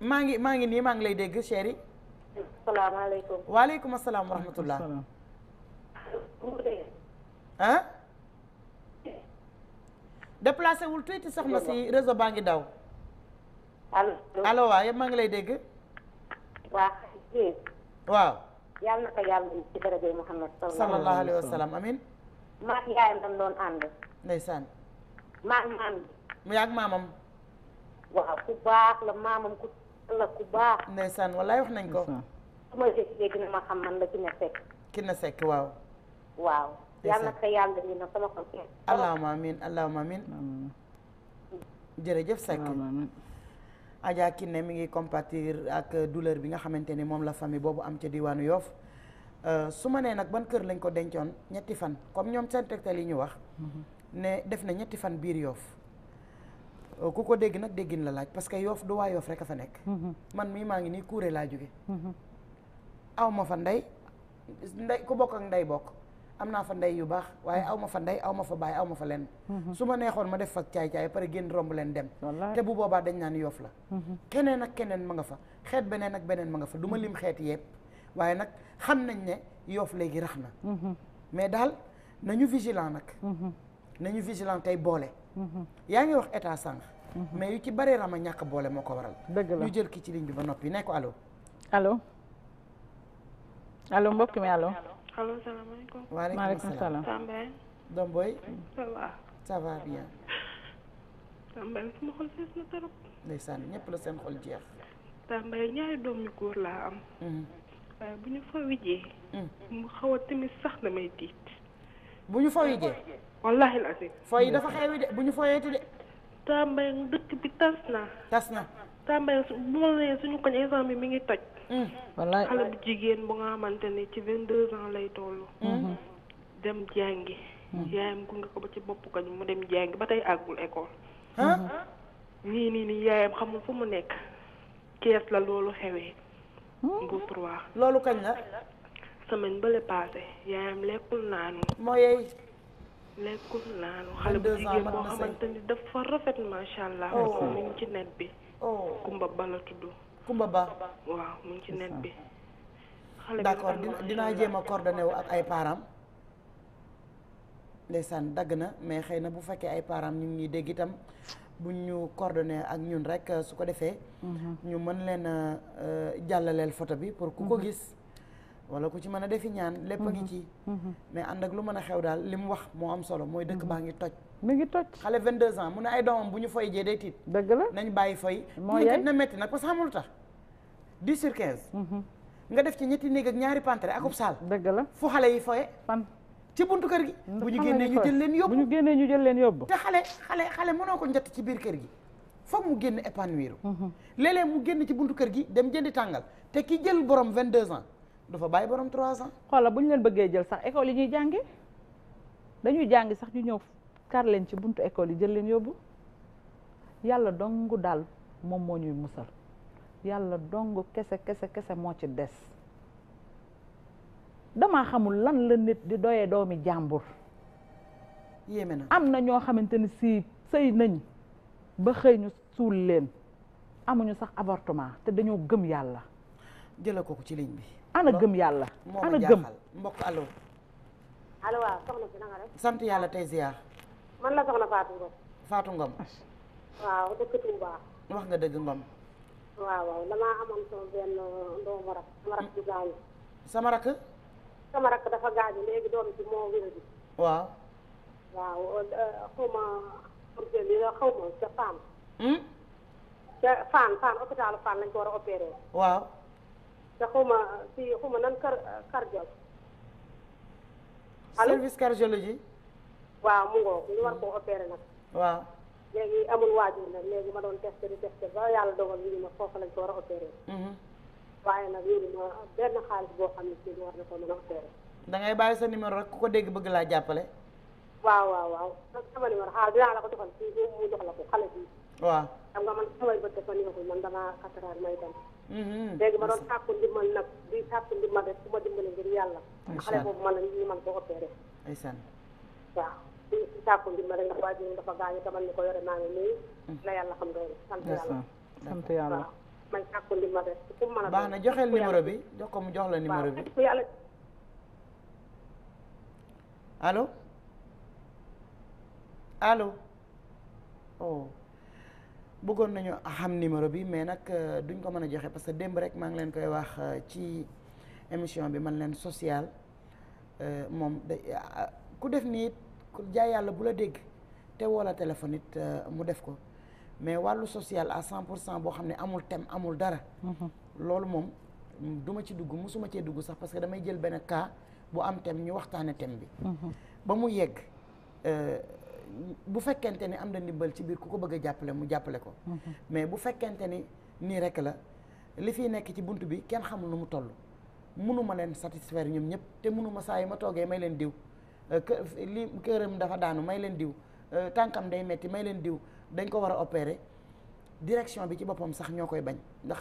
ngi maa ngi nii maa ngi lay dégg chéri
salaamaaleykum
waaleykum asalaam wa ah déplacé wul tuuti soxna si réseau baa ngi daw. allo allo waaw maa ngi lay dégg. waa xëy waaw.
yàlla na ko yàlla ci daraja Muhammad sallallahu alayhi wa sallam amin maa ngi yaayam dañ
ànd. ndeysaan. maa ngi maam. mu yàgg maamam. waaw ku baax la maamam ku la ku baax. ndeysaan wallaay wax nañ ko. su sekk. ki sekk waaw.
waaw. yàlla na ko yàlla ñu na sama xol
allahumma amin allahumma amin mi ngi compatir ak douleur bi nga xamante ni moom la famille boobu am ca diwaanu Yoff euh, su ma nee nag ban kër lañ ko dencoon ñetti fan comme ñoom seen tegtal yi ñu wax mhm. ne def na ñetti fan biir yoof euh, ku ko dégg nag déggin la laaj parce que Yoff du waa Yoff rek a fa nekk mhm. man mii maa ngi nii Kuure laa jóge mhm. aw fa ndey ndey ku bokk ndey bokk am naa fa ndey yu baax waaye aw ma fa ndey aw ma fa bàyyi aw ma fa lenn mhm. su ma neexoon ma def fa caay-caay pare génn romb leen dem te bu boobaa dañ naan yoof la mhm. keneen ak keneen ma nga fa xeet beneen ak beneen ma nga fa du ma lim xeet yépp waaye nag xam nañ ne yoof léegi rax na mhm. mais daal nañu vigilant nag ñu vigilant tey boole yaa ngi wax état sànq mais yu ci bari rama ñàkk boole moo ko waral dëgg la ñu jël ki ci ligne bi ba noppi ne ko allo allo allo mbokk
allo salaamaaleykum. waaleykum salaam Tambay.
doom um booy. ça va. ça va bien.
Tambay sama xol fees na trop.
ndeysaan ñëpp la seen xol jeex.
Tambay ñaari doom yu góor laa am. waaye bu ñu fa mu xaw a sax damay tiit. bu ñu fa wijee. wallaahi la si. fooy dafa xewi de bu ñu foyeeti de. Tambay dëkk bi tas na. tas na. Tambay bu ma la suñu koñ exemple bi ngi toj. wallaay xale bu jigéen bu nga xamante ni ci vingt deux ans lay toll. Mhm. dem jàngi. Mhm. yaayam gunge ko ba ci bopp kañ mu dem jàngi ba tey àggul école. Mhm. nii nii nii yaayam xamul fu mu nekk. kees la loolu xewee. bu hmm? trois loolu kañ la. semaine bële paase yaayam lekkul naanu. moo yey. lekkul
naanu xale bu jigéen boo xamante ni
dafa rafet macha allah. Oh. mu ci net bi. Oh. Kumba Bala tudd. Kumba Ba waaw mu ngi
dinaa jéem a coordonné wu ak ay de ndeysaan dagg na mais xëy na bu fekkee ay parents ñu ngi ñuy dégg itam bu ñu coordonné ak ñun rek euh, su ko defee mhm. ñu mën leen a euh, jàllaleel photo bi pour ku ko mhm. gis wala ku ci mën a defi ñaan lépp a ngi mhm. ci mais ànd ak lu mën a xew daal li mu wax moo am solo mooy dëkk baa ngi toj mi ngi toj xale 22 ans mu ne ay doomam bu ñu foy jee day tiit. dëgg la nañ bàyyi foy. mooy yaay na métti nag parce que xamul tax 10 sur 15. Mhm. nga def ci ñetti néeg ak ñaari pantere akub saal. dëgg la fu xale yi foye fan ci buntu kër gi. bu ñu génnee ñu jël leen yóbbu bu ñu génnee ñu jël leen yóbbu. te xale xale xale mënoo ko njëtt ci biir kër gi. foog mu génn épanouir. Mhm. léeg-léeg mu génn ci buntu kër gi dem jëndi tàngal te ki jël borom 22 ans dafa
bàyyi borom 3 ans. xoola bu ñu leen bëggee jël sax école yi ñuy jàngi dañuy jàngi sax ñu ñëw kar leen ci buntu école yi jël leen yóbbu yàlla dongu daal moom moo ñuy musal yàlla dong kese kese kese moo ci des dama xamul lan la nit di doyee doomi jàmbur yéeme na am na ñoo xamante ni si sëy nañ ba xëy ñu suul leen amuñu sax avortement te dañoo gëm yàlla
jëla ko ci ligne bi
ana gëm yàlla ana gëm
mbokk allo allo sant yàlla tey ziar
man la soxna Fatou Ngom. Fatou Ngom. waaw dëkk Touba.
wax nga dëgg Ngom.
waaw waaw damaa amoon sama benn doomu rak sama rak bu gaañu. sama rak. dafa gaañu léegi doom ci moo wér bi. waaw. waaw euh, xaw ma urgence bi xaw ma ca Fann. Hmm? ca Fann Fann lañ ko war a opéré. waaw. te xaw ma si xaw ma nan car cardiologue.
allo service cardiologie.
waaw mu ngoog ñu war koo opéré nag. waaw. léegi amul waajur nag léegi ma doon testé di testé ba yàlla dogal ñu ne ma foofu lañ ko war a opéré. Mhm. waaye nag ñu ne ma xam ne si na ko mën a opéré.
da ngay bàyyi sa numéro rek ku ko dégg bëgg laa jàppale.
waaw waaw waaw nag sama numéro xaalis ah, dinaa la ko joxal fii moom mu jox la ko xale bi. waaw xam nga man samay bët dafa neexul man damaa kataraar may dem.
Mhm. léegi ma doon
sàkku ndimbal nag di sàkku ndimbal rek ku ma dimbale ngir yàlla. xale boobu man la ñu mën ko opéré. waaw. di sàkku ndimbal rek ndax waajur dafa gaañu ko yore maa ngi la mm. yàlla xam doy sant yàlla
sant yàlla waaw
man sàkku ndimbal rek ku mën baax na joxeel numéro bi
jox ko mu jox la numéro bi ku yàlla allo oh. bëggoon nañu xam numéro bi mais nag euh, duñ ko mën a joxe parce que démb rek maa ngi leen koy wax euh, ci émission bi man leen social euh, moom ku def nii ku jaay yàlla bu la dégg te woo la téléphone it euh, mu def ko mais wàllu social à cent pour cent boo xam ne amul tem amul dara mm-hmm. loolu moom du ma ci dugg musuma cee dugg sax parce que damay jël benn cas bu am thème ñu waxtaane thème bi mm-hmm. ba mu yegg euh, bu fekkente ni am na ndimbal ci biir ku ko bëgg a jàppale mu jàppale ko mm-hmm. mais bu fekkente ni nii rek la li fiy nekk ci bunt bi kenn xamul nu mu toll mënuma leen satisfaire ñoom ñëpp te mënuma saa yi ma toogee may leen diw Euh, li këram dafa daanu may leen diw euh, tànkam day metti may leen diw dañ ko war a opeere direction bi ci boppam sax ñoo koy bañ ndax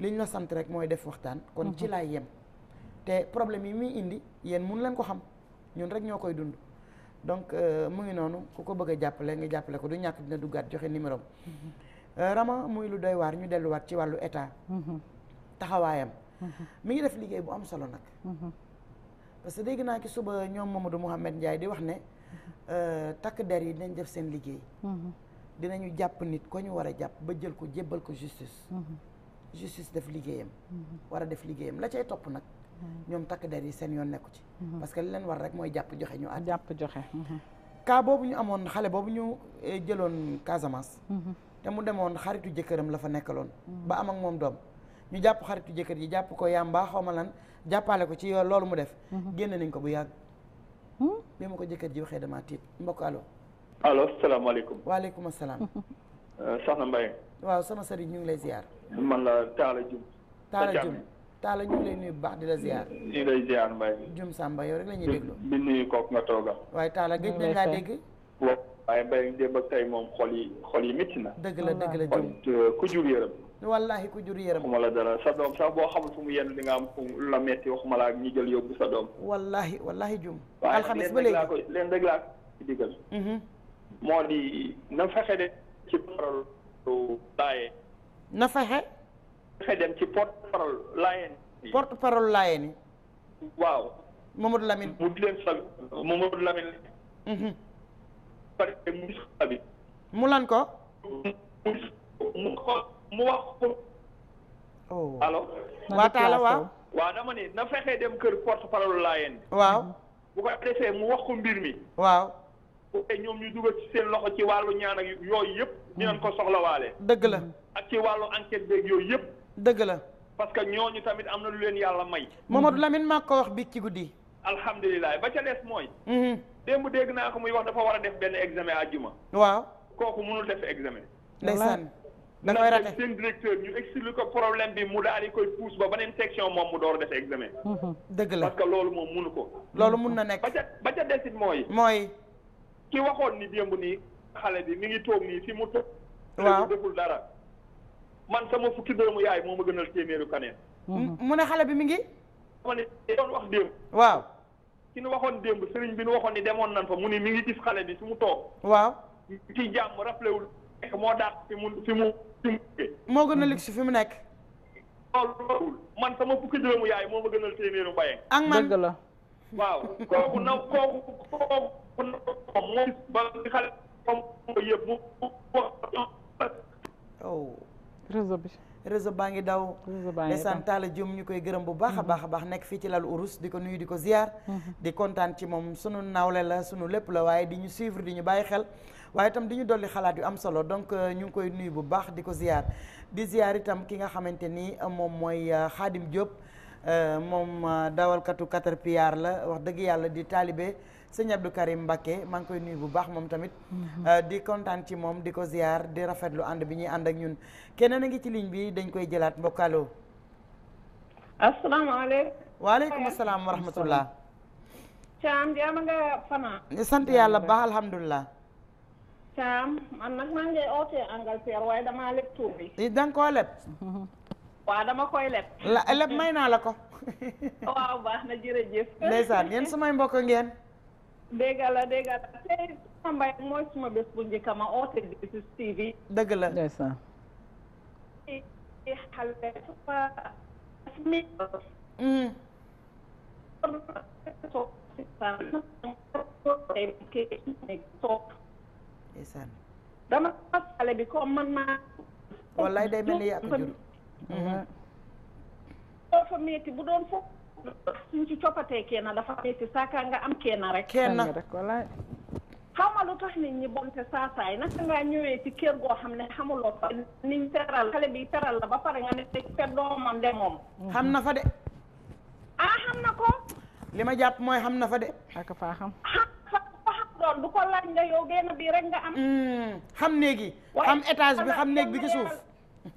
liñ la sant rek mooy def waxtaan kon ci mhm. laay yem te problème yi muy indi yéen mun leen ko xam ñun rek ñoo koy dund donc euh, mu ngi noonu ku ko bëgg a jàppale nga jàppale ko du ñàkk dina duggaat joxe numéro mhm. rama muy lu doy waar ñu delluwaat ci wàllu état mhm. taxawaayam mu ngi def liggéey bu am solo nag parce que dégg naa ci suba ñoom Mamadou Mouhamed Ndiaye di wax ne euh, takk der yi dinañ def seen liggéey. Mhm. dinañu jàpp nit ko ñu war a jàpp ba jël ko jébbal ko justice. Mhm. justice def liggéeyam. Mhm. war a def liggéeyam la cay topp nag. ñoom takk der yi seen yoon nekku ci. parce que li leen war rek mooy jàpp joxe ñu at. jàpp joxe. cas boobu ñu amoon xale boobu ñu eh, jëloon Casamance. te mu demoon xaritu jëkkëram la fa nekkaloon. ba am ak moom doom ñu jàpp xaritu jëkkër ji jàpp ko yàmbaa ma lan. jàppale ko ci yoon loolu mu def. Mhm. génn nañ ko bu yàgg. Hmm? bi ma ko jëkkër ji waxee damaa tiit mbokk alo
allo salaamaaleykum. waaleykum salaam. Euh, Soxna Mbaye.
waaw sama sëriñ ñu ngi lay ziar.
man la Talla Dioum.
Talla Dioum Talla ñu ngi lay nuyu baax di la ziar. ñu
ngi lay ziar Mbaye.
Dioum Samba yow rek la ñuy déglu.
di nuyu kooku nga tooga.
waaye Talla gëj nañ dégg.
waaw waaye Mbaye démb ak tey moom xol yi xol yi métti na. dëgg la dëgg la Dioum euh, ku jur yërëm. wallahi ku jur yërëm waxuma la dara sa doom sax boo xamul fu mu yenn di nga am fu la metti waxuma la ak ñi jël yóbbu sa doom
wallahi wallahi jum alxames leen rek laa
ko leen rek mhm. moo di na fexe de ci parole laayeen na fexe fexe dem ci porte parole laayeen
porte
waaw Mamadou Lamine mu
mhm.
mu lan ko mu wax ko.
oh allo. waa Talla waaw. waaw dama ni na fexee dem kër porte parole laa yéen. waaw. bu ko defee mu wax ko mbir mi. waaw. bu ñoom ñu dugal ci seen loxo ci wàllu ñaan ak yooyu yëpp. dinañ ko soxlawaale. dëgg la. ak ci wàllu enquête dégg yooyu yëpp. dëgg la. parce que ñooñu tamit am na lu leen yàlla may. Mamadou lamit
maa ko wax bi ci guddi.
alhamdulilah ba ca des mooy. Mhm. démb dégg naa ko muy wax dafa war a def benn examen àjjuma. waaw kooku mënul def examen. da ngay raté seen directeur ñu expliqué ko problème bi mu daal di koy pousse ba beneen section moom mu door def examen. Mhm. dëgg la parce que loolu moom mënu ko. loolu mun na nekk ba ca ba ca desit mooy. mooy. ki waxoon ni démb nii xale bi mi ngi toog nii si mu toog. waaw dara. man sama fukki dërëmu yaay moo ma gënal téeméeru kaneen. mu ne xale bi mi ngi. ma ne wax démb. waaw. ki nu waxoon démb sëriñ bi nu waxoon ni demoon nan fa mu ni mi ngi gis xale bi fi mu toog. waaw ci jàmm rappelé nekk moo daax fi mu fi mu fi
mu gën a luxe fi mu nekk
man sama fukki dërëmu yaay moo ma gënal téeméeru mbayee ak man la waaw kooku na kooku baa ngi moom ba xale moom
yëpp réseau baa ngi daw ndeysaan Talla Diom ñu koy gërëm bu baax a baax a baax nekk fii ci lalu urus di ko nuyu di ko ziar mhm. di kontaan ci moom sunu nawle la sunu lépp la waaye di ñu suivre di ñu bàyyi xel waaye itam di ñu dolli xalaat yu am solo donc euh, ñu ngi koy nuyu bu baax di ko ziyaar di ziyaar itam ki nga xamante ni euh, moom mooy Xaadim euh, Diop moom dawalkatu Caterpillar la wax dëgg yàlla di taalibe sëñ Abdou Karim Mbacké maa ngi koy nuyu bu baax moom tamit. Mhm. di kontaan ci moom di ko ziyaar di rafetlu ànd bi ñuy ànd ak ñun keneen a ngi ci ligne bi dañ koy jëlaat mbokkaaloo. asalaamaaleykum. waaleykum salaam wa rahmatullah. Thiam sant yàlla baax alhamdulilah.
Thiam man nag maa ngi ootee Angleterre waaye damaa leb tuur bi. danga koo leb. waaw dama koy leb. la leb may naa la ko. waaw baax na jërëjëf. ndeysaan yéen
sumay mbokk ngeen.
dégg la dégg la tey sama mooy suma bés bu njëkk ma oote bi si TV.
dëgg la
ndeysaan.
xale
ndeysaan
dama xale bi comme man maa wallaay day mel ni yaa
ko jur mm-hmm. Mm-hmm.
fa metti bu doon foofu suñ ci coppatee kenn dafa metti saaka nga am kenn rek kenn rek wallaay xaw ma lu tax nit ñi bonte saasaay naka ngaa ñëwee ci kër goo xam ne xamuloo ko niñ teral xale bi teral la ba pare nga ne te doomam de moom mm-hmm. xam na fa de ah xam na ko
li ma jàpp mooy xam na fa de ak faa xam
yoroon du ko laaj nga yow benn bii rek nga am. Hmm,
xam néegi xam étage bi xam néeg bi ci suuf.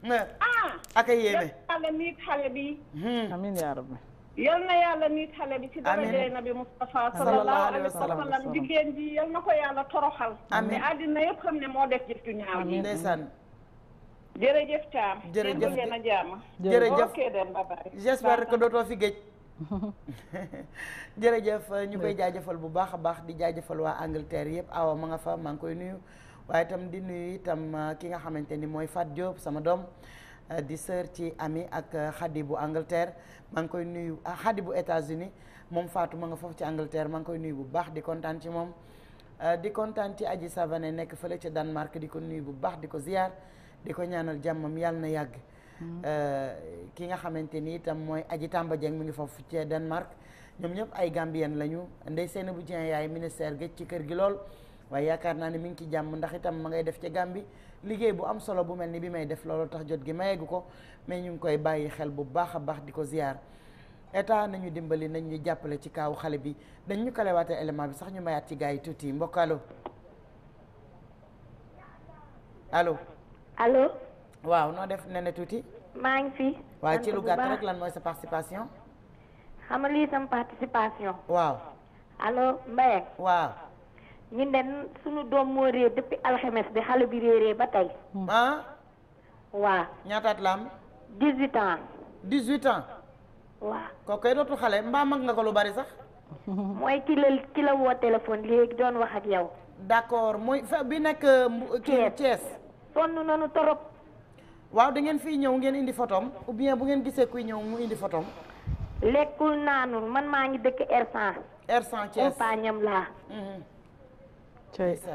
ah. ak a yéeme
yàlla niit xale bi.
Hmm. amiin yaa rabbi.
yal na yàlla niit xale bi ci daraja nabi Mustafa sallallahu alayhi wa sallam ji yal na ko yàlla toroxal. amiin ne àddina yëpp xam ne moo def jëf ju ñaaw yi. ndeysaan. jërëjëf Thiam.
jëf jërëjëf jërëjëf. ok dem ba bari. j'espère que dootoo fi géej. jërëjëf ñu koy jaajëfal bu baax a baax di jaajëfal waa Angleterre yëpp awa ma nga fa maa ngi koy nuyu waaye itam di nuyu itam uh, ki nga xamante ni mooy Fat Diop sama doom uh, di sœur ci ami ak uh, xadi bu Angleterre maa ngi koy nuyu xadi bu États-Unis moom faatu ma nga foofu ci Angleterre ma ngi koy nuyu bu baax di kontaan ci moom di kontaan ci Aji Savané nekk fële ca Danemark di ko nuyu bu baax di ko ziyaar di ko ñaanal jàmmam yàlla na yàgg Euh, ki nga xamante ni itam mooy Aji Tamba Dieng mi ngi foofu ci Danemark ñoom ñëpp ay Gambien lañu ndey seen bu Dieng yaay ministère gëj ci kër gi lool. waaye yaakaar naa ne mi ngi ci jàmm ndax itam ma ngay def ci Gàmbi liggéey bu am solo bu mel ni bi may def loolu tax jot gi mayeegu ko mais ñu ngi koy bàyyi xel bu baax a baax di ko ziar état nañu dimbali nañ ñu jàppale ci kaawu xale bi dañ ñu kalewaate élément bi sax ñu mayaat ci gars yi tuuti mbokk allo allo. waaw noo def ne ne tuuti.
maa ngi fi. waaw ci lu gàtt rek
lan mooy sa participation.
xam nga lii sama participation. waaw. allo Mbaye. waaw. ñun de suñu doom moo réer depuis alxames bi xale bi réeree ba tey. Hmm. ah.
waa ñaataat la am. dix huit ans. dix huit ans. waaw. kooku kay dootul xale mbaa mag nga ko lu bari sax. mooy ki la ki la woo téléphone léegi doon wax ak yow. d'accord mooy fa bi nekk. Thiès Thiès. sonn nañu torop. waaw da ngeen fii ñëw ngeen indi photom ou bien bu ngeen gisee kuy ñëw mu indi photom lekkul naanul man maa ngi dëkk R100. R100 Thiès laa. Mhm. Thiès.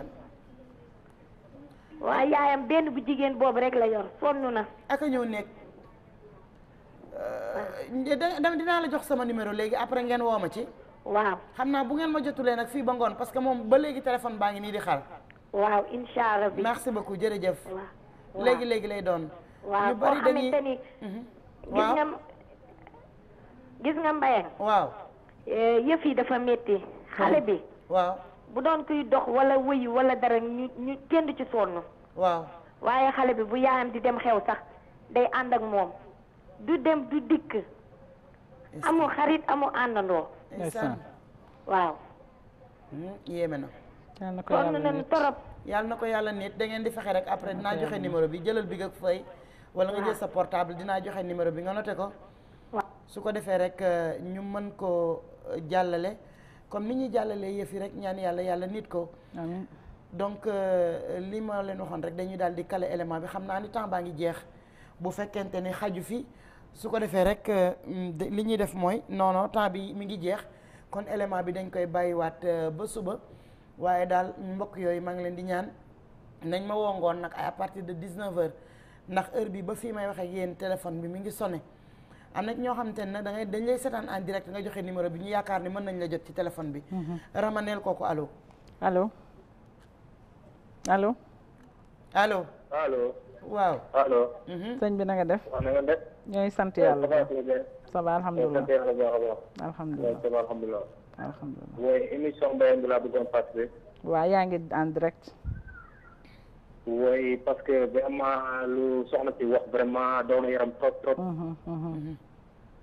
waaw yaayam benn bu jigéen boobu rek la yor sonn na. ak ñëw nekk. Euh, da dinaa la jox sama numéro léegi après ngeen woo ma ci. waaw xam naa bu ngeen ma jotulee nag fii ba ngoon parce que moom ba léegi téléphone baa ngi nii di xar. waaw incha allah. merci jërëjëf. léegi léegi lay doon. waaw boo xamante ni mhm. gis nga gis nga mbayang waaw
eh, yëf yi dafa metti xale bi waaw bu doon kuy dox wala wëyu wala dara ñu ñu kenn ci sonn waaw waaye xale bi bu yaayam di dem xew sax day ànd ak moom du dem du dikk amul xarit amu
àndandoo waaw hmm, yéeme na sonn nañu torop yàlla na ko yàlla nit da ngeen di fexe rek après dinaa joxe numéro bi jëlal bi ak fay wala nga jël sa portable dinaa joxe numéro bi nga noté ko su ko defee rek euh, ñu mën koo euh, jàllale kon ni ñuy jàllalee yëf yi rek ñaan yàlla yàlla nit ko amiin donc euh, li ma leen waxoon rek dañuy daal di kale élément bi xam naa ni temps baa ngi jeex bu fekkente ni xaju fi su ko defee rek mm, li ñuy def mooy non temps bi mi ngi jeex kon élément bi dañ koy bàyyiwaat ba suba waaye daal mbokk yooyu maa ngi leen di ñaan nañ ma wongoon nag à partir de 19 heures ndax heure bi ba fi may waxee ak yéen bi mu ngi sonné am na ñoo xamante ne nag dangay dañ lay seetaan en direct nga joxe numéro bi ñu yaakaar ni mën nañ la jot ci téléphone bi. Mhm. ramaneel kooku allo. allo allo. allo. allo. waaw
allo. Mhm. bi na def. waaw na nga def. ñooy sant yàlla bu baax. ça va alhamdulilah alhamdulilah waa yaa ngi en direct.
oui parce que vraiment lu soxna di wax vraiment doon na yaram trop trop. Mhm, mhm, mhm.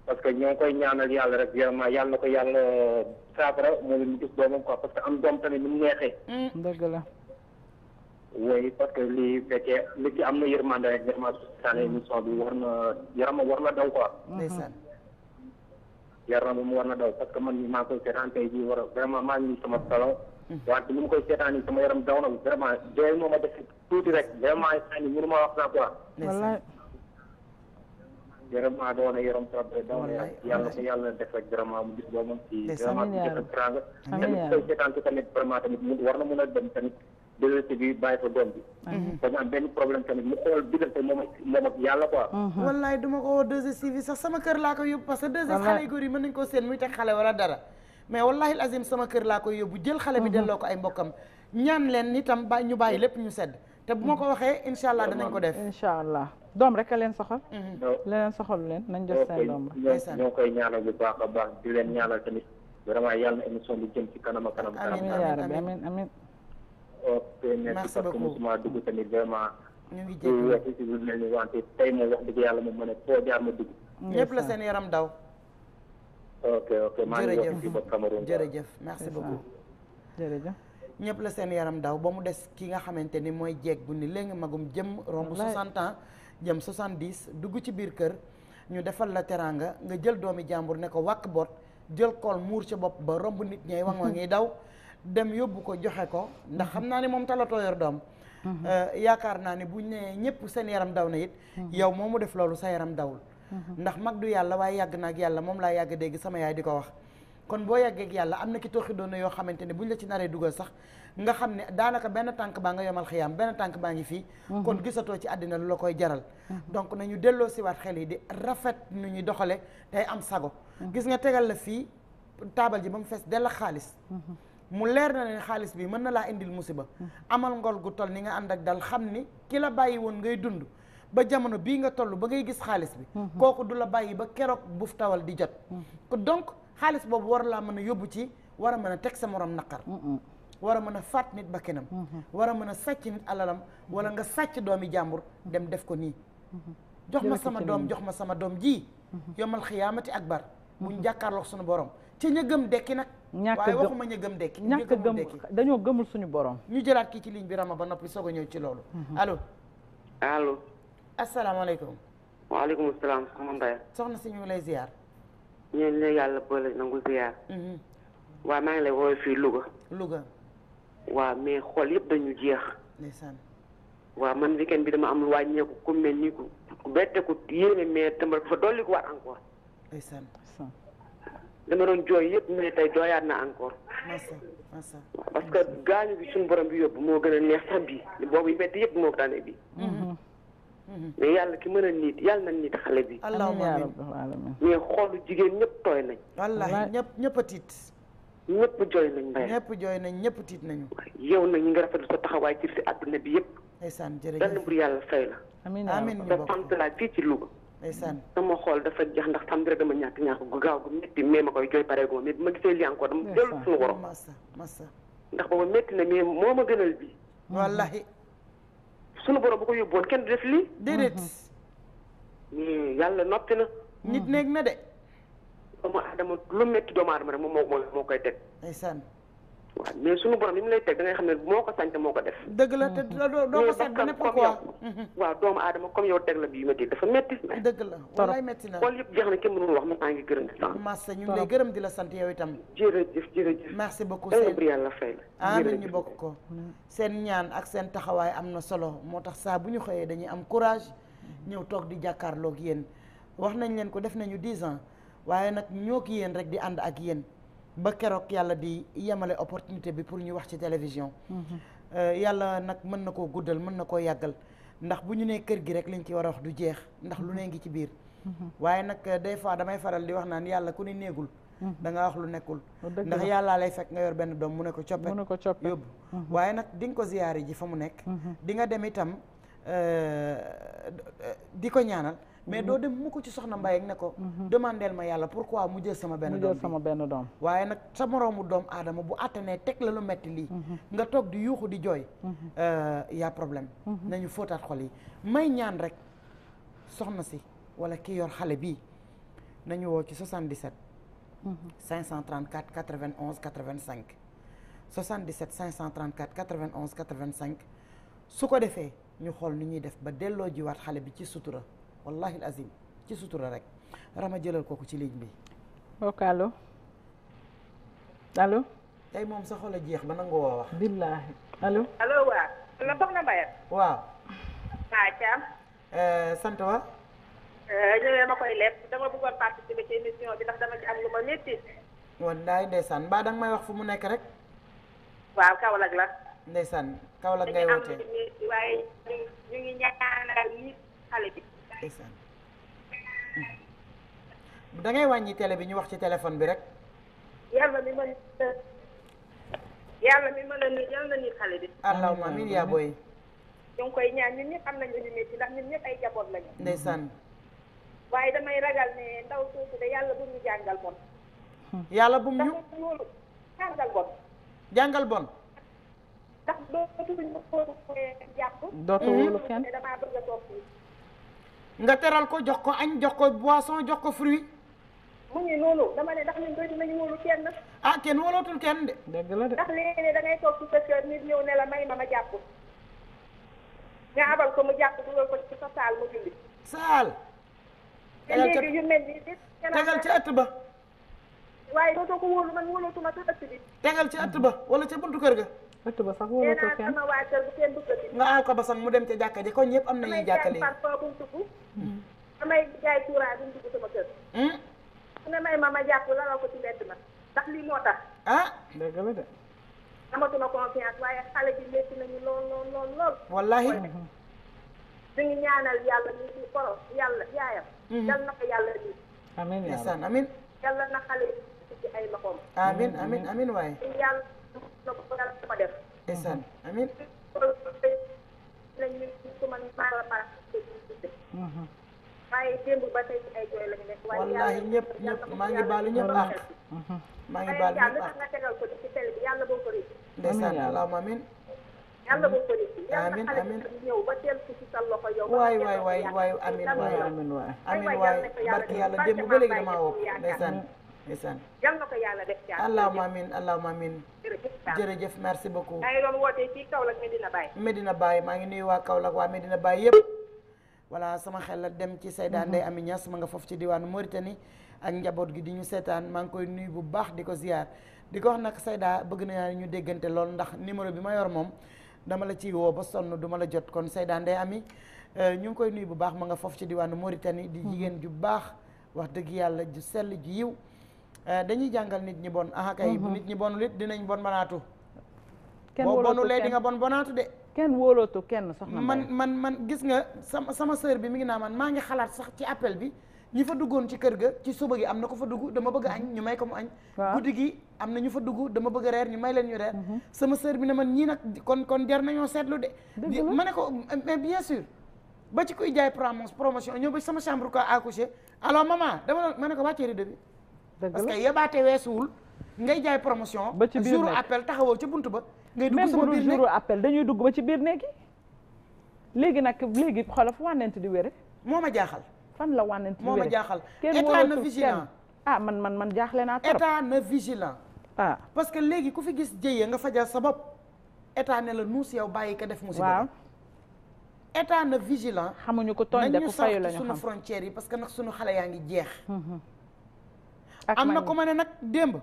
parce que ñoo ngi koy ñaanal yàlla rek vraiment yàlla na ko yàlla saafara moom it mu gis doomam quoi parce que am doom tamit ni mu neexee.
Mm. dëgg la.
oui parce que lii fekkee li ci am na yërmande rek vraiment saan mm. émission bi war na yaram na daw quoi. ndeysaan. yaram mu war na daw parce que man mii maa ngi koy war a vraiment maa ngi sama Mhm. wante bu ma koy seetaan sama yaram daw na vraiment jooy moom a def tuuti rek vraiment instant yii mënuma wax naa quoi. wallaay. vraiment daw na yaram trop de daw na yàlla ko yàlla def rek vraiment mu gis boobu moom ci vraiment ci jëf ak teranga tamit koy seetaan si tamit vraiment tamit mu war na mën a dem tamit délai bi bàyyi fa doom bi. Mhm. ba ñu am benn problème tamit mu xool diggante moom ak moom ak yàlla
quoi. Mhm.
wallaay du ma ko woo 2STV sax sama kër laa ko yóbbu parce que 2STV xale yu góor yi mën nañu koo seen muy teg xale wala dara. mais wallahi azim sama kër laa koy yóbbu jël xale bi mhm. delloo ko ay mbokkam ñaan leen
nitam ba ñu bàyyi lépp ñu sedd te bu ma ko mhm. waxee incha allah danañ ko def incha allah doom rek a leen soxal mhm. leneen soxalu leen nañ jox seen doom rek ñoo
koy ñaanal bu baax leen ñaanal tamit vraiment yàlla na émission bi jëm ci kanam a kanam amiin yaa rabbi amiin amiin ok merci parce que mosuma vraiment
ñu ngi jégalu
si wante tey moom wax dëgg yàlla moom ma ne foo jaar ma dugg ñëpp la seen yaram daw ok ok
maa ngi wax ci bopp jërëjëf merci beaucoup jërëjëf ñëpp la seen yaram daw ba mu des ki nga xamante ni mooy jeeg bu ni léegi magum jëm romb 60 ans jëm 70 dugg ci biir kër ñu defal la teraanga nga jël doomi jàmbur ne ko wàkk boot jël kool muur ci bopp ba romb nit ñay wax wa ngi daw dem yóbbu ko joxe ko ndax xam naa ne moom talatoo yor doom mhm. euh, yaakaar naa ne buñ ne ñëpp seen yaram daw na it mhm. yow moo mu def loolu sa yaram dawul Mm-hmm. ndax mag du yàlla waaye yàgg naa ak yàlla moom laa yàgg dégg sama yaay di ko wax kon boo yàggee ak yàlla am na ki tooxi doona yoo xamante ne buñ la ci naree dugal sax nga xam ne daanaka benn tànk baa nga yomal xiyaam benn tànk baa ngi fii mm-hmm. kon gisatoo ci àddina lu la koy jaral mm-hmm. donc nañu delloo siwaat xel yi di rafet nu ñuy doxale tey am sago gis nga tegal la fii taabal ji ba mu fees dell xaalis mu leer na ne xaalis bi mën na laa indil musiba amal ngor gu tol ni nga ànd ak dal xam ni ki bàyyi woon ngay dund ba jamono bii nga tollu ba ngay gis xaalis bi mhm. kooku du la bàyyi ba keroog buuf tawal di jot mhm. ko donc xaalis boobu war laa mën a yóbbu ci war a mën a teg sa moroom naqar mhm. war a mën a faat nit ba kenam war a mën a sàcc nit wala nga sàcc doomi jàmbur dem def ko nii jox ma sama doom jox ma sama doom ji yomal xiyaamati akbar buñ jàkkaarloo suñu borom ci ña gëm dekki nag ñàkk waaye waxuma ña gëm dekki ñàkk gëm dañoo gëmul suñu borom ñu jëlaat kii ci ligne bi rama ba noppi soog a ñëw ci loolu allo asalaamaaleykum.
waaleykum salaam soxna Mbaye.
soxna si ñu ngi lay ziar.
ñu ngi lay yàlla boole nangu ziar. Mhm. waaw maa ngi lay woowee fii Louga. Louga. waaw mais xool yëpp dañu jeex.
waa
waaw man weekend bi dama am lu wàññeeku ku mel ni ku bette ku yéene mais tëmbal ko fa dolli ko waat encore. ndeysaan. dama doon jooy yëpp mais tey jooyaat na encore.
masa masa
parce que gaañu bi suñu borom bi yóbbu moo gën a neex sax boobu yi bett yëpp moo ko daanee bii.
Mhm. Mhm. Mm-hmm.
mais yàlla ki mën a niit yàlla na niit xale bi.
allahumma amiin
mais xoolu jigéen ñëpp tooy nañ. wallaahi ñëpp ñëpp a tiit. ñëpp jooy nañ mbay. ñëpp
jooy nañ ñëpp tiit nañu.
yow nag ñu ngi rafetlu sa taxawaay ci si àdduna bi yëpp.
ndeysaan jërëjëf dana bur
yàlla fay la.
amiin amiin ñu bokk
sant laa fii ci Louga. ndeysaan sama xool dafa jeex ndax xam nga dama ñàkk ñàkk gu gaaw gu métti mais ma koy jooy pareeguma mais bi ma gisee lii encore dama dellu suñu woro. massa massa ndax booba métti na mais moo ma gënal bi wallahi sunu borom bu ko yóbbuwoon kenn du def lii. déedéet. Mm-hmm. Mm, yàlla noppi na. nit neeg na de. doomu aadama lu metti doomu aadama rek moom moo moo koy teg. ndeysaan. waaw mais suñu borom li mu lay teg ko sant moo ko def. dëgg la te doo ko waaw doomu aadama comme yow teg la dafa métti. dëgg la walaay métti na xool yëpp jeex na kenn mënul wax ma maa ngi di
ñu ngi gërëm di la sant yow itam. jërëjëf jërëjëf. merci beaucoup seen
yàlla
ñu bokk ko seen ñaan ak seen taxawaay am na solo moo tax saa bu ñu xëyee dañuy am courage ñëw toog di jàkkaarloog yéen wax nañ leen ko def nañu dix ans waaye nag ñoo ki yéen rek di ànd ak yéen ba keroog yàlla di yemale opportunité bi pour ñu wax ci télévision mhm. euh, yàlla nag mën na koo guddal mën na koo yàggal ndax bu ñu nee kër gi rek liñ ci war a wax du jeex ndax lu ne mhm. ngi ci biir mhm. waaye nag euh, de fois damay faral di wax naan yàlla ku ne néegul da nga wax lu nekkul oh, ndax yàllaa lay fekk nga yor benn doom mu ne ko coppet mu ne ko coppet yóbbu waaye nag di nga ko ziyaare ji fa mu nekk di nga dem itam euh, di ko ñaanal mais mhm. doo dem mu ko ci soxna mbay ak ne ko mhm. demandeel ma yàlla pourquoi mu jël sama benn doom sama benn doom waaye nag sa moroomu doom aadama bu attanee teg la lu metti lii mhm. nga toog di yuuxu di jooy euh, y'a problème nañu fóotaat xol yi may ñaan rek soxna si wala kii yor xale bi nañu woo ci 77 534 91 85 77 534 91 85 su ko defee ñu xool ni ñuy def ba delloo jiwaat xale bi ci sutura wallahi azim ci sutura rek rama jëlal kooku ci ligne bi. ok allo allo. tey moom sa xol a jeex ba nangu woo wax. billaahi allo.
allo waaw. na bokk na Mbayang. waaw. santo Thiam.
Eh, sant wa.
Eh, ñëwee ma koy lekk ndax dama ci am lu ma métti.
wallaay ndeysaan mbaa danga may wax fu mu nekk rek. waaw Kaolack la. ndeysaan Kaolack ngay wootee
waaye ñu ngi ñaanal ñi xale bi.
ndeysaan mm-hmm. da ngay wàññi télé bi ñu wax ci téléphone bi rek.
yàlla mi mën yàlla mi mën a yàlla na xale bi.
allahumma amiin yaa booy.
ñu ngi koy ñaan ñun ñëpp am nañu lu métti ndax ñun ñëpp ay jaboot lañu. ndeysaan. waaye damay ragal ne ndaw soosu de yàlla bu mu jàngal bon. yàlla bu mu ñu jàngal bon. jàngal bon. ndax dootuñu ko jàpp. dootu mhm. wóolu kenn damaa bëgg a toog
nga teral ko jox ko añ jox ko boisson jox ko fruit mu ngi noonu dama ne ndax ñun doy nañu wóolu kenn ah kenn wóolootul kenn de dëgg la de ndax léegi da ngay toog ci sa kër nit ñëw ne la may ma
ma jàpp ko mu jàpp dugal ci sa saal saal te léegi yu mel nii tegal ci ëtt ba waaye dootoo ko wóolu man wóolootuma sa ëtt bi
tegal ca ëtt ba wala ca buntu kër ga ëtt ba sax wóolootoo kenn nga aal ko ba sax mu dem ca jàkka ji kon ñëpp am na ñuy jàkkale
yi Mm-hmm. damay jaay cuuraay bu mu dugg sama kër. su mm. ne may ma ma jàpp laloo ko ci mbedd ma ndax lii moo tax.
ah dëgg la de.
amatuma confiance waaye xale bi métti nañu lool lool lool lool. wallaahi. ñu mm-hmm. ñaanal yàlla ñu ngi koro yàlla yaayam. Mm-hmm. yal na yàlla lii.
amiin ndeysaan amiin.
na xale ci ay loxoom. amiin amiin amiin waaye. yàlla na def. ndeysaan lañ leen gis ko man maa la maa waaye démb ba tey ci ay jooy lañ nekk. wallaahi ñëpp
ñëpp maa ngi baalu ñëpp àq.
maa ngi baalu ñëpp àq
nga tegal ko ci télé bi yàlla boo ko rëcc. ndeysaan allahumma amiin. yàlla boo ko rëcc. amiin amiin ñëw ba teel ko ci sa loxo yow. waay waay waay waay amiin waay amiin
waay. amiin waay barke yàlla démb ba léegi damaa woo ndeysaan ndeysaan
yal na ko yàlla def jaar amin allahumma amin jërëjëf
merci beaucoup maa
ngi doon wootee fii Kaolack
Medina Baye maa ngi nuyu waa Kaolack waa Medina bàyyi yëpp voilà sama xel la dem ci Seyda mhm. Ndeye Amy Niass ma nga foofu ci diwaanu Mauritanie ak njaboot gi di ñu seetaan maa ngi koy nuyu bu baax di ko ziar di ko wax nag seydaa bëgg naa ñu déggante lool ndax numéro bi ma yor moom dama la ciy woo ba sonn duma la jot kon seydaan Ndeye ami euh, ñu ngi koy nuyu bu baax ma nga foofu ci diwaanu Mauritanie di mhm. jigéen ju baax wax dëgg yàlla ju sell ju yiw Euh, dañuy jàngal nit ñi bon ah kay bu mhm. nit ñi bonul it dinañ bon banaatu boo bonulee di nga bon bonaatu de kenn wóolootu kenn soxna man man man gis nga sama sama sœur bi mi ngi naa man maa ngi xalaat sax ci appel bi ñi fa duggoon ci kër ga ci suba gi am na ko fa dugg dama bëgg añ ñu may ko mu añ guddi gi am na ñu fa dugg dama bëgg reer ñu may leen ñu reer mhm. sama sœur bi na man ñii nag kon kon jar nañoo seetlu de ma ne ko mais bien sûr ba ci kuy jaay promotion ñëw ba sama chambre ko accouché alors maman dama ma ne ko wàccee rideau parce que yabaate weesuwul ngay jaay promotion. ba ci biir jour ca buntu ba. ngay dugg sama biir même jour
appel dañuy dugg ba léegi nag léegi xoolal fu wànnent di wére. moo ma jaaxal. fan la wànnent di wére moo ma jaaxal. état ne vigilant ah man man man jaaxle naa trop. état ne
ah. parce que léegi ku fi gis jëye nga fajal sa bopp état ne la nuus yow bàyyi ko def. musiba waaw état ne vigilant. xamuñu ko tooñ de ku fayu la xam yi parce que nag suñu xale yaa ngi jeex. Mhm. am na ko ma ne nag démb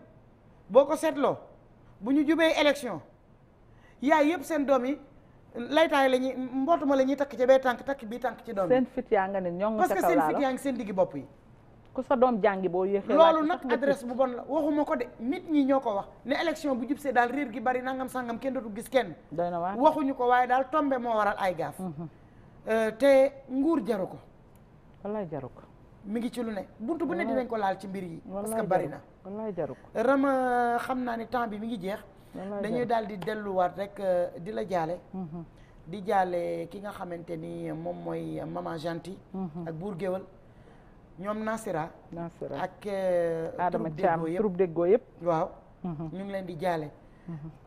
boo ko seetloo bu ñu jubee élection yaay yëpp seen doom yi
laytaay la ñuy mbootu ma la ñuy takk ci bee tànk takk bii tànk ci doom yi seen fit yaa nga ne ñoŋ parce
que seen fit yaa ngi
seen diggi bopp yi ku sa doom jàngi boo yéexee loolu nag adresse bu bon la waxuma ko
de nit ñi ñoo ko wax ne élection bu jubsee daal réer gi bari nangam sàngam kenn dootu gis kenn waxuñu ko waaye daal tombe moo waral ay gaaf mhm. euh, te nguur jaru ko wallaay jaru ko mi ngi ci lu ne ah. buntu bu ne dinañ ko laal ci mbir yi. parce que bari na wallaay jaru ko Rama xam naa ni temps bi mi ngi jeex. dañuy daal di delluwaat rek euh, di la jaale. Mm-hmm. di jaale ki nga xamante ni moom mooy maman Gentil. Mm-hmm. ak buur géwal ñoom Nasira. Nasira ak. Euh, Adama Thiam troupe déggoo yëpp. waaw mm-hmm. ñu ngi leen di jaale.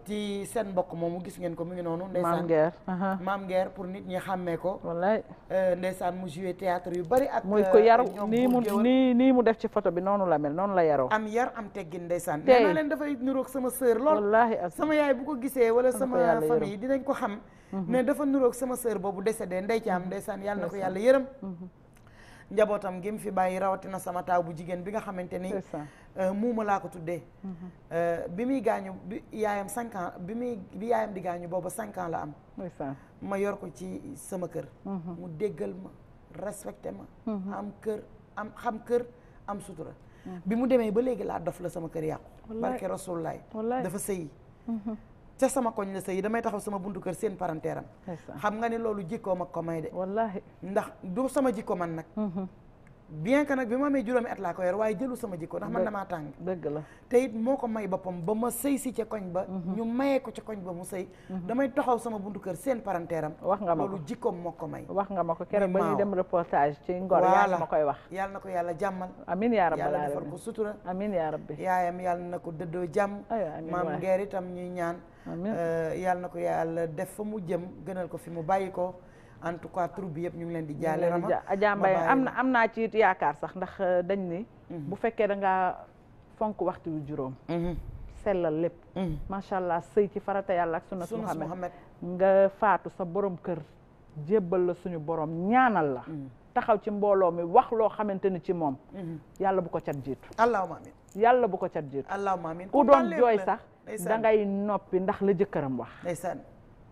ci seen mbokk moom mu gis ngeen ko mu ngi noonu. maam Nguer ndeysaan maam Nguer pour nit ñi xàmmee ko. wallaay euh, ndeysaan mu joué théâtre yu bari ak.
muy euh, ko yaru nii mu nii nii mu def ci photo bi noonu la mel noonu la yaroo. am
yar am teggin ndeysaan. tey nee na leen dafay niroog sama sœur lool. wallaahi sama yaay bu ko gisee wala sama famille dinañ ko xam. Mhm. ne dafa niroog sama sœur boobu de ndey ci am ndeysaan yàlla na ko yàlla yërëm. Mhm. njabootam gi mu fi bàyyi rawatina sama taa bu jigéen bi nga xamante ni euh, muuma laa ko tuddee mm-hmm. euh, bi muy gaañu bi yaayam cinq bi muy bi yaayam di gaañu booba cinq ans la am ma yor ko ci sama kër mm-hmm. mu déggal ma respecté ma mm-hmm. am kër am xam kër am sutura bi mu demee ba léegi laa dof la sama kër yàqu barke rasulullaay dafa sëyi ca sama koñ la sëy damay taxaw sama buntu kër seen paranteeram xam nga ne loolu jikkoom ak ko may de wallaahi ndax du sama jikko man nag mm-hmm. bien que nag bi mu amee juróomi at laa ko yor waaye jëlu sama jikko ndax man damaa tàng dëgg la te moo ko may boppam ba ma sëy si ca koñ ba mhm. ñu mayee ko ca koñ ba mu sëy mhm. damay taxaw sama buntu
kër seen paranteeram wax nga ma ko loolu jikkoom moo ko may wax nga ma ko keroog ba ñuy dem reportage ci ngor yàlla ma koy wax
yàlla na ko yàlla jàmmal amin yaa rabbi yàlla defal ko
sutura amin yaayam yàlla
na ko dëddoo jàmm maam ngeer itam ñuy ñaan euh, yàlla na ko yàlla def fa mu jëm gënal ko fi mu bàyyi ko en tout cas tur bi yëpp ñu ngi leen di jaale rama ah, am na
am naa ci yaakaar sax ndax euh, dañ ni mhm. bu fekkee da fonk waxtu yu juróom mhm. sellal lépp mhm. macha allah sëy ci farata yàlla ak sunna Muhammad nga faatu sa borom kër jébbal la suñu borom ñaanal la taxaw ci mbooloo mi wax loo xamante ni ci moom yàlla bu ko cat jiitu allahumma amin yàlla bu ko cat jiitu allahumma
amin ku doon jooy sax dangay
noppi ndax la jëkkëram wax ndeysaan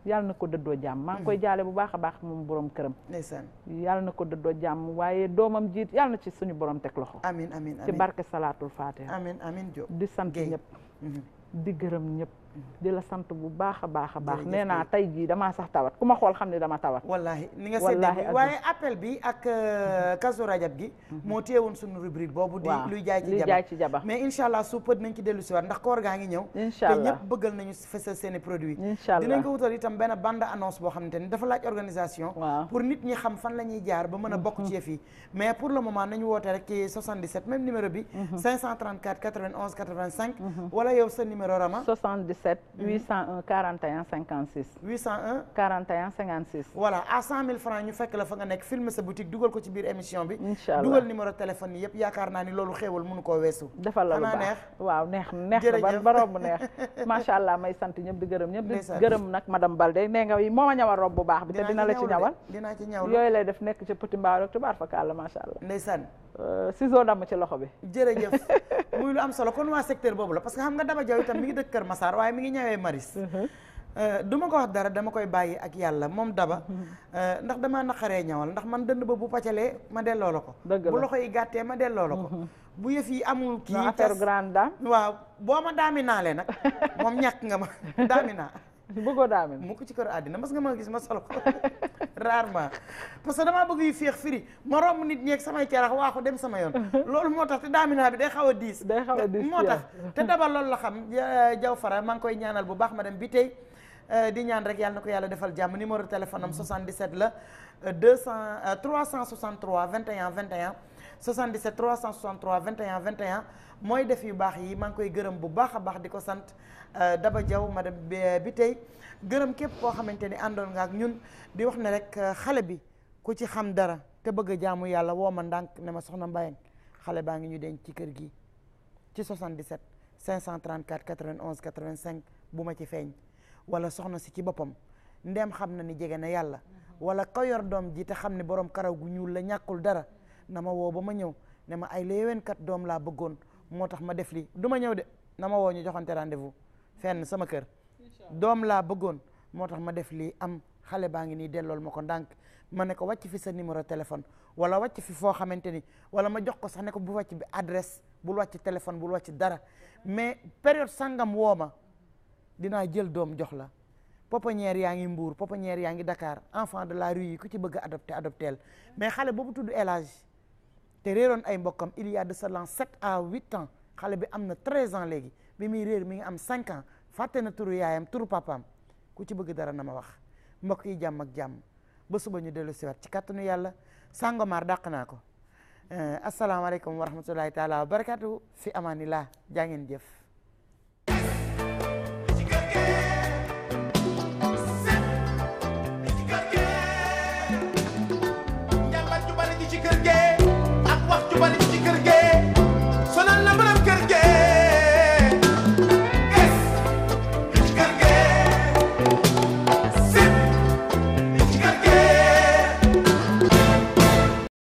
yàlla na ko dëddoo jàmm maa ngi koy jaale bu baax a baax moom boroom këram ndeysaan yàlla na ko dëddoo jàmm waaye doomam jiit yàlla na ci suñu borom teg loxo amin amin amin ci barke salaatul faatiha amin amin Diop di sant ñëpp mhm. di gërëm ñëpp di la sant bu baax a baax a baax nee naa jii damaa sax tawat ku xool xam ne dama tawat wallaahi ni nga seetee waaye
appel bi ak euh, mhm. kazu rajab gi mhm. moo téyewoon suñu rubrique boobu di luy jaay ci jabar mais incha su pët nañ ci dellu si waat ndax koor gaa ngi ñëw te ñëpp bëggal nañu fësal seen i produit incha ko wutal itam benn bande annonce boo xamante ni dafa laaj organisation pour nit ñi xam fan la jaar ba mën a bokk ci mhm. yëf mais pour 77. 801 41 56. 801. 41 56. voilà à 100000 francs ñu fekk la fa nga nekk filmer sa boutique dugal ko ci biir émission bi.
incha allah dugal numéro téléphone yi yëpp yaakaar naa ni loolu xéewal mënu koo weesu. defal la lu baax waaw neex neex na ba ba romb neex. macha allah may sant ñëpp di gërëm ñëpp. di gërëm nag madame Balde nee nga moo ma ñawal rob bu baax bi. te dina la ci ñawal dinaa ci ñawal yooyu lay def nekk ci Petit Mbao rek tubaar fa kàlla macha allah. ndeysaan. Euh, ciseau damm ci loxo bi. jërëjëf
muy lu am solo kon waa secteur boobu la parce que xam nga dama jaw itam mi ngi dëkk Kër Massar waaye mi ngi ñëwee maris mhm. euh, du ma ko wax dara dama koy bàyyi ak yàlla moom daba mhm. euh, ndax dama naqaree ñawal ndax man dënd ba bu paccalee ma delloo la ko bu loxo yi gàttee ma delloo la ko mhm. bu yëf yi amul kii affaire grande dame waaw boo ma daami naa nag moom ñàkk nga ma daami bëggoo daa mel mu ko ci kër àddina mas nga ma gis ma solo ko rarement parce que damaa bëgg yu féex firi ma romb nit ñeeg samay cerax waa ko dem sama yoon loolu moo tax te daamina bi day xaw a diis day xaw moo tax te dabal loolu la xam jaw fara maa ngi koy ñaanal bu baax ma dem bi tey euh, di ñaan rek yàlla na ko yàlla defal jàmm numéro téléphone am 77 mm. la 200 363 21 21 77 363 21 21 mooy def yu baax yi maa ngi koy gërëm bu baax a baax di ko sant Euh, Daba Diaw madame bi euh, tey gërëm képp koo xamante ni àndoon nga ak ñun di wax ne rek euh, xale bi ku ci xam dara te bëgg a jaamu yàlla woo ma ndànk ne ma soxna Mbayang xale baa ngi ñu denc ci kër gi ci 77 534 91 85 bu ma ci feeñ wala soxna si ci boppam ndeem xam na ni jege na yàlla wala ka doom ji te xam ne borom karaw gu ñuul la ñàkkul dara na ma woo ba ma ñëw ne ma ay léewenkat doom laa bëggoon moo tax ma def lii du ma ñëw de na ma woo ñu joxante rendez fenn sama kër doom laa bëggoon moo tax ma def lii am xale baa ngi nii dellool ma ko ndànk ma ne ko wàcc fi sa numéro téléphone wala wàcc fi foo xamante ni wala ma jox ko sax ne ko bu wàcc bi adresse bul wàcc téléphone bul wàcc dara mais période sangam woo ma dinaa jël doom jox la popo pouponnière yaa ngi Mbour pouponnière yaa ngi Dakar enfant de la rue ku ci bëgg a adopté adopteel mais xale boobu tudd El Hadj te réeroon ay mbokkam il y a de cela sept à huit ans xale bi am na treize ans léegi bi muy réer mi ngi am cinq ans na tur yaayam turu papaam ku ci bëgg dara na ma wax mbokk yi jàmm ak jàmm ba suba ñu dellu si siwaat ci kàttanu yàlla sangomar dàq naa ko euh, asalaamaaleykum wa rahmatullahi taala wa barakatuhu fi amaanillah jaa ngeen jëf